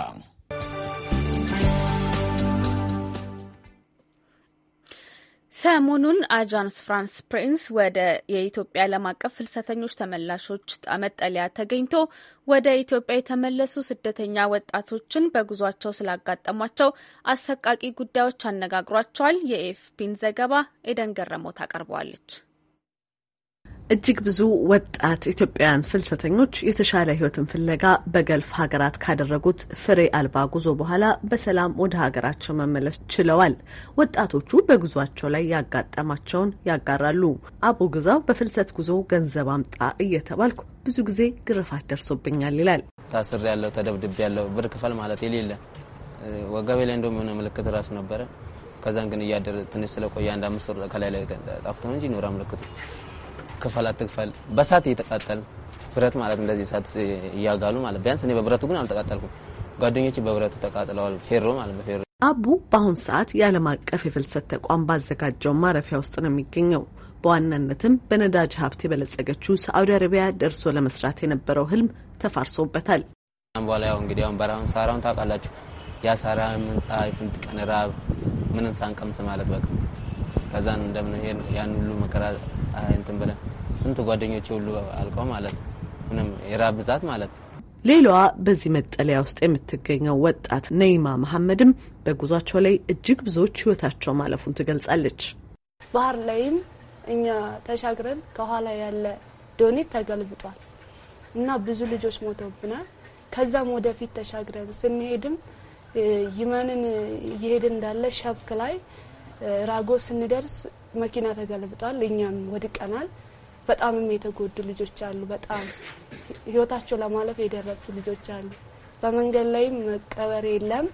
Speaker 1: ሰሞኑን አጃንስ ፍራንስ ፕሪንስ ወደ የኢትዮጵያ ዓለም አቀፍ ፍልሰተኞች ተመላሾች መጠለያ ተገኝቶ ወደ ኢትዮጵያ የተመለሱ ስደተኛ ወጣቶችን በጉዟቸው ስላጋጠሟቸው አሰቃቂ ጉዳዮች አነጋግሯቸዋል። የኤፍፒን ዘገባ ኤደን ገረሞት አቀርበዋለች።
Speaker 15: እጅግ ብዙ ወጣት ኢትዮጵያውያን ፍልሰተኞች የተሻለ ሕይወትን ፍለጋ በገልፍ ሀገራት ካደረጉት ፍሬ አልባ ጉዞ በኋላ በሰላም ወደ ሀገራቸው መመለስ ችለዋል። ወጣቶቹ በጉዟቸው ላይ ያጋጠማቸውን ያጋራሉ። አቡ ግዛው በፍልሰት ጉዞ ገንዘብ አምጣ እየተባልኩ ብዙ ጊዜ ግርፋት ደርሶብኛል ይላል።
Speaker 14: ታስር ያለው ተደብድብ ያለው ብር ክፈል ማለት የሌለ ወገቤ ላይ እንደሚሆነ ምልክት ራሱ ነበረ። ከዛን ግን እያደረ ትንሽ ስለቆየ አንድ አምስት ወር ከላይ ላይ ጠፍቶ እንጂ ኖራ ምልክቱ ክፈል አትክፈል በሳት እየተቃጠል ብረት ማለት እንደዚህ ሳት እያጋሉ ማለት ቢያንስ እኔ በብረቱ ግን አልተቃጠልኩም። ጓደኞቼ በብረቱ ተቃጥለዋል። ፌሮ ማለት በፌሮ
Speaker 15: አቡ በአሁን ሰዓት የዓለም አቀፍ የፍልሰት ተቋም ባዘጋጀው ማረፊያ ውስጥ ነው የሚገኘው። በዋናነትም በነዳጅ ሀብት የበለጸገችው ሳዑዲ አረቢያ ደርሶ ለመስራት የነበረው ህልም ተፋርሶበታል።
Speaker 14: በኋላ ያው እንግዲህ አሁን በረሃውን ሳራውን ታውቃላችሁ። ያ ምንጻ የስንት ቀን ራብ ምንም ሳንቀምስ ማለት በቃ ከዛን እንደምን ያን ሁሉ መከራ ፀሐይ እንትን ብለን ስንት ጓደኞች ሁሉ አልቀው ማለት ነው። ምንም የራብ ብዛት ማለት ነው።
Speaker 15: ሌላዋ በዚህ መጠለያ ውስጥ የምትገኘው ወጣት ነይማ መሐመድም በጉዟቸው ላይ እጅግ ብዙዎች ህይወታቸው ማለፉን ትገልጻለች።
Speaker 6: ባህር ላይም እኛ ተሻግረን ከኋላ ያለ ዶኔት
Speaker 1: ተገልብጧል እና ብዙ ልጆች ሞተውብናል። ከዛም ወደፊት ተሻግረን ስንሄድም ይመንን እየሄድ እንዳለ ሸብክ ላይ ራጎ ስንደርስ መኪና ተገልብጧል። እኛም ወድቀናል። በጣምም የተጎዱ ልጆች አሉ። በጣም ህይወታቸው ለማለፍ የደረሱ ልጆች አሉ። በመንገድ ላይም መቀበር የለም።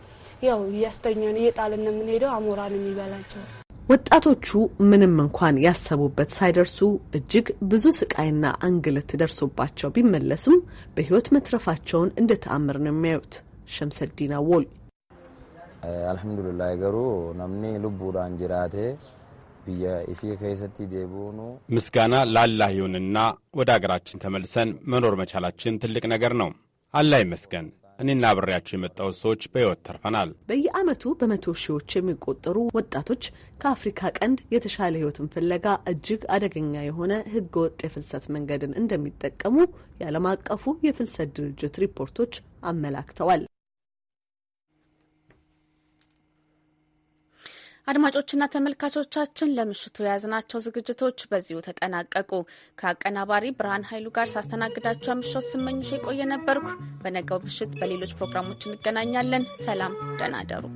Speaker 1: ያው እያስተኛን እየጣልን የምንሄደው አሞራን የሚበላቸው
Speaker 15: ወጣቶቹ ምንም እንኳን ያሰቡበት ሳይደርሱ እጅግ ብዙ ስቃይና እንግልት ደርሶባቸው ቢመለሱም በህይወት መትረፋቸውን እንደ ተአምር ነው የሚያዩት። ሸምሰዲና ወል
Speaker 14: Eh, alhamdulillah garuu namni
Speaker 2: ምስጋና ለአላህ ይሁንና ወደ አገራችን ተመልሰን መኖር መቻላችን ትልቅ ነገር ነው። አላህ ይመስገን። እኔና ብሬያቸው የመጣው ሰዎች በሕይወት ተርፈናል።
Speaker 15: በየዓመቱ በመቶ ሺዎች የሚቆጠሩ ወጣቶች ከአፍሪካ ቀንድ የተሻለ ሕይወትን ፍለጋ እጅግ አደገኛ የሆነ ወጥ የፍልሰት መንገድን እንደሚጠቀሙ የዓለም አቀፉ የፍልሰት ድርጅት ሪፖርቶች አመላክተዋል።
Speaker 1: አድማጮችና ተመልካቾቻችን ለምሽቱ የያዝናቸው ዝግጅቶች በዚሁ ተጠናቀቁ። ከአቀናባሪ ብርሃን ኃይሉ ጋር ሳስተናግዳችሁ ምሽት ስመኝሽ የቆየ ነበርኩ። በነገው ምሽት በሌሎች ፕሮግራሞች እንገናኛለን። ሰላም፣ ደህና እደሩ።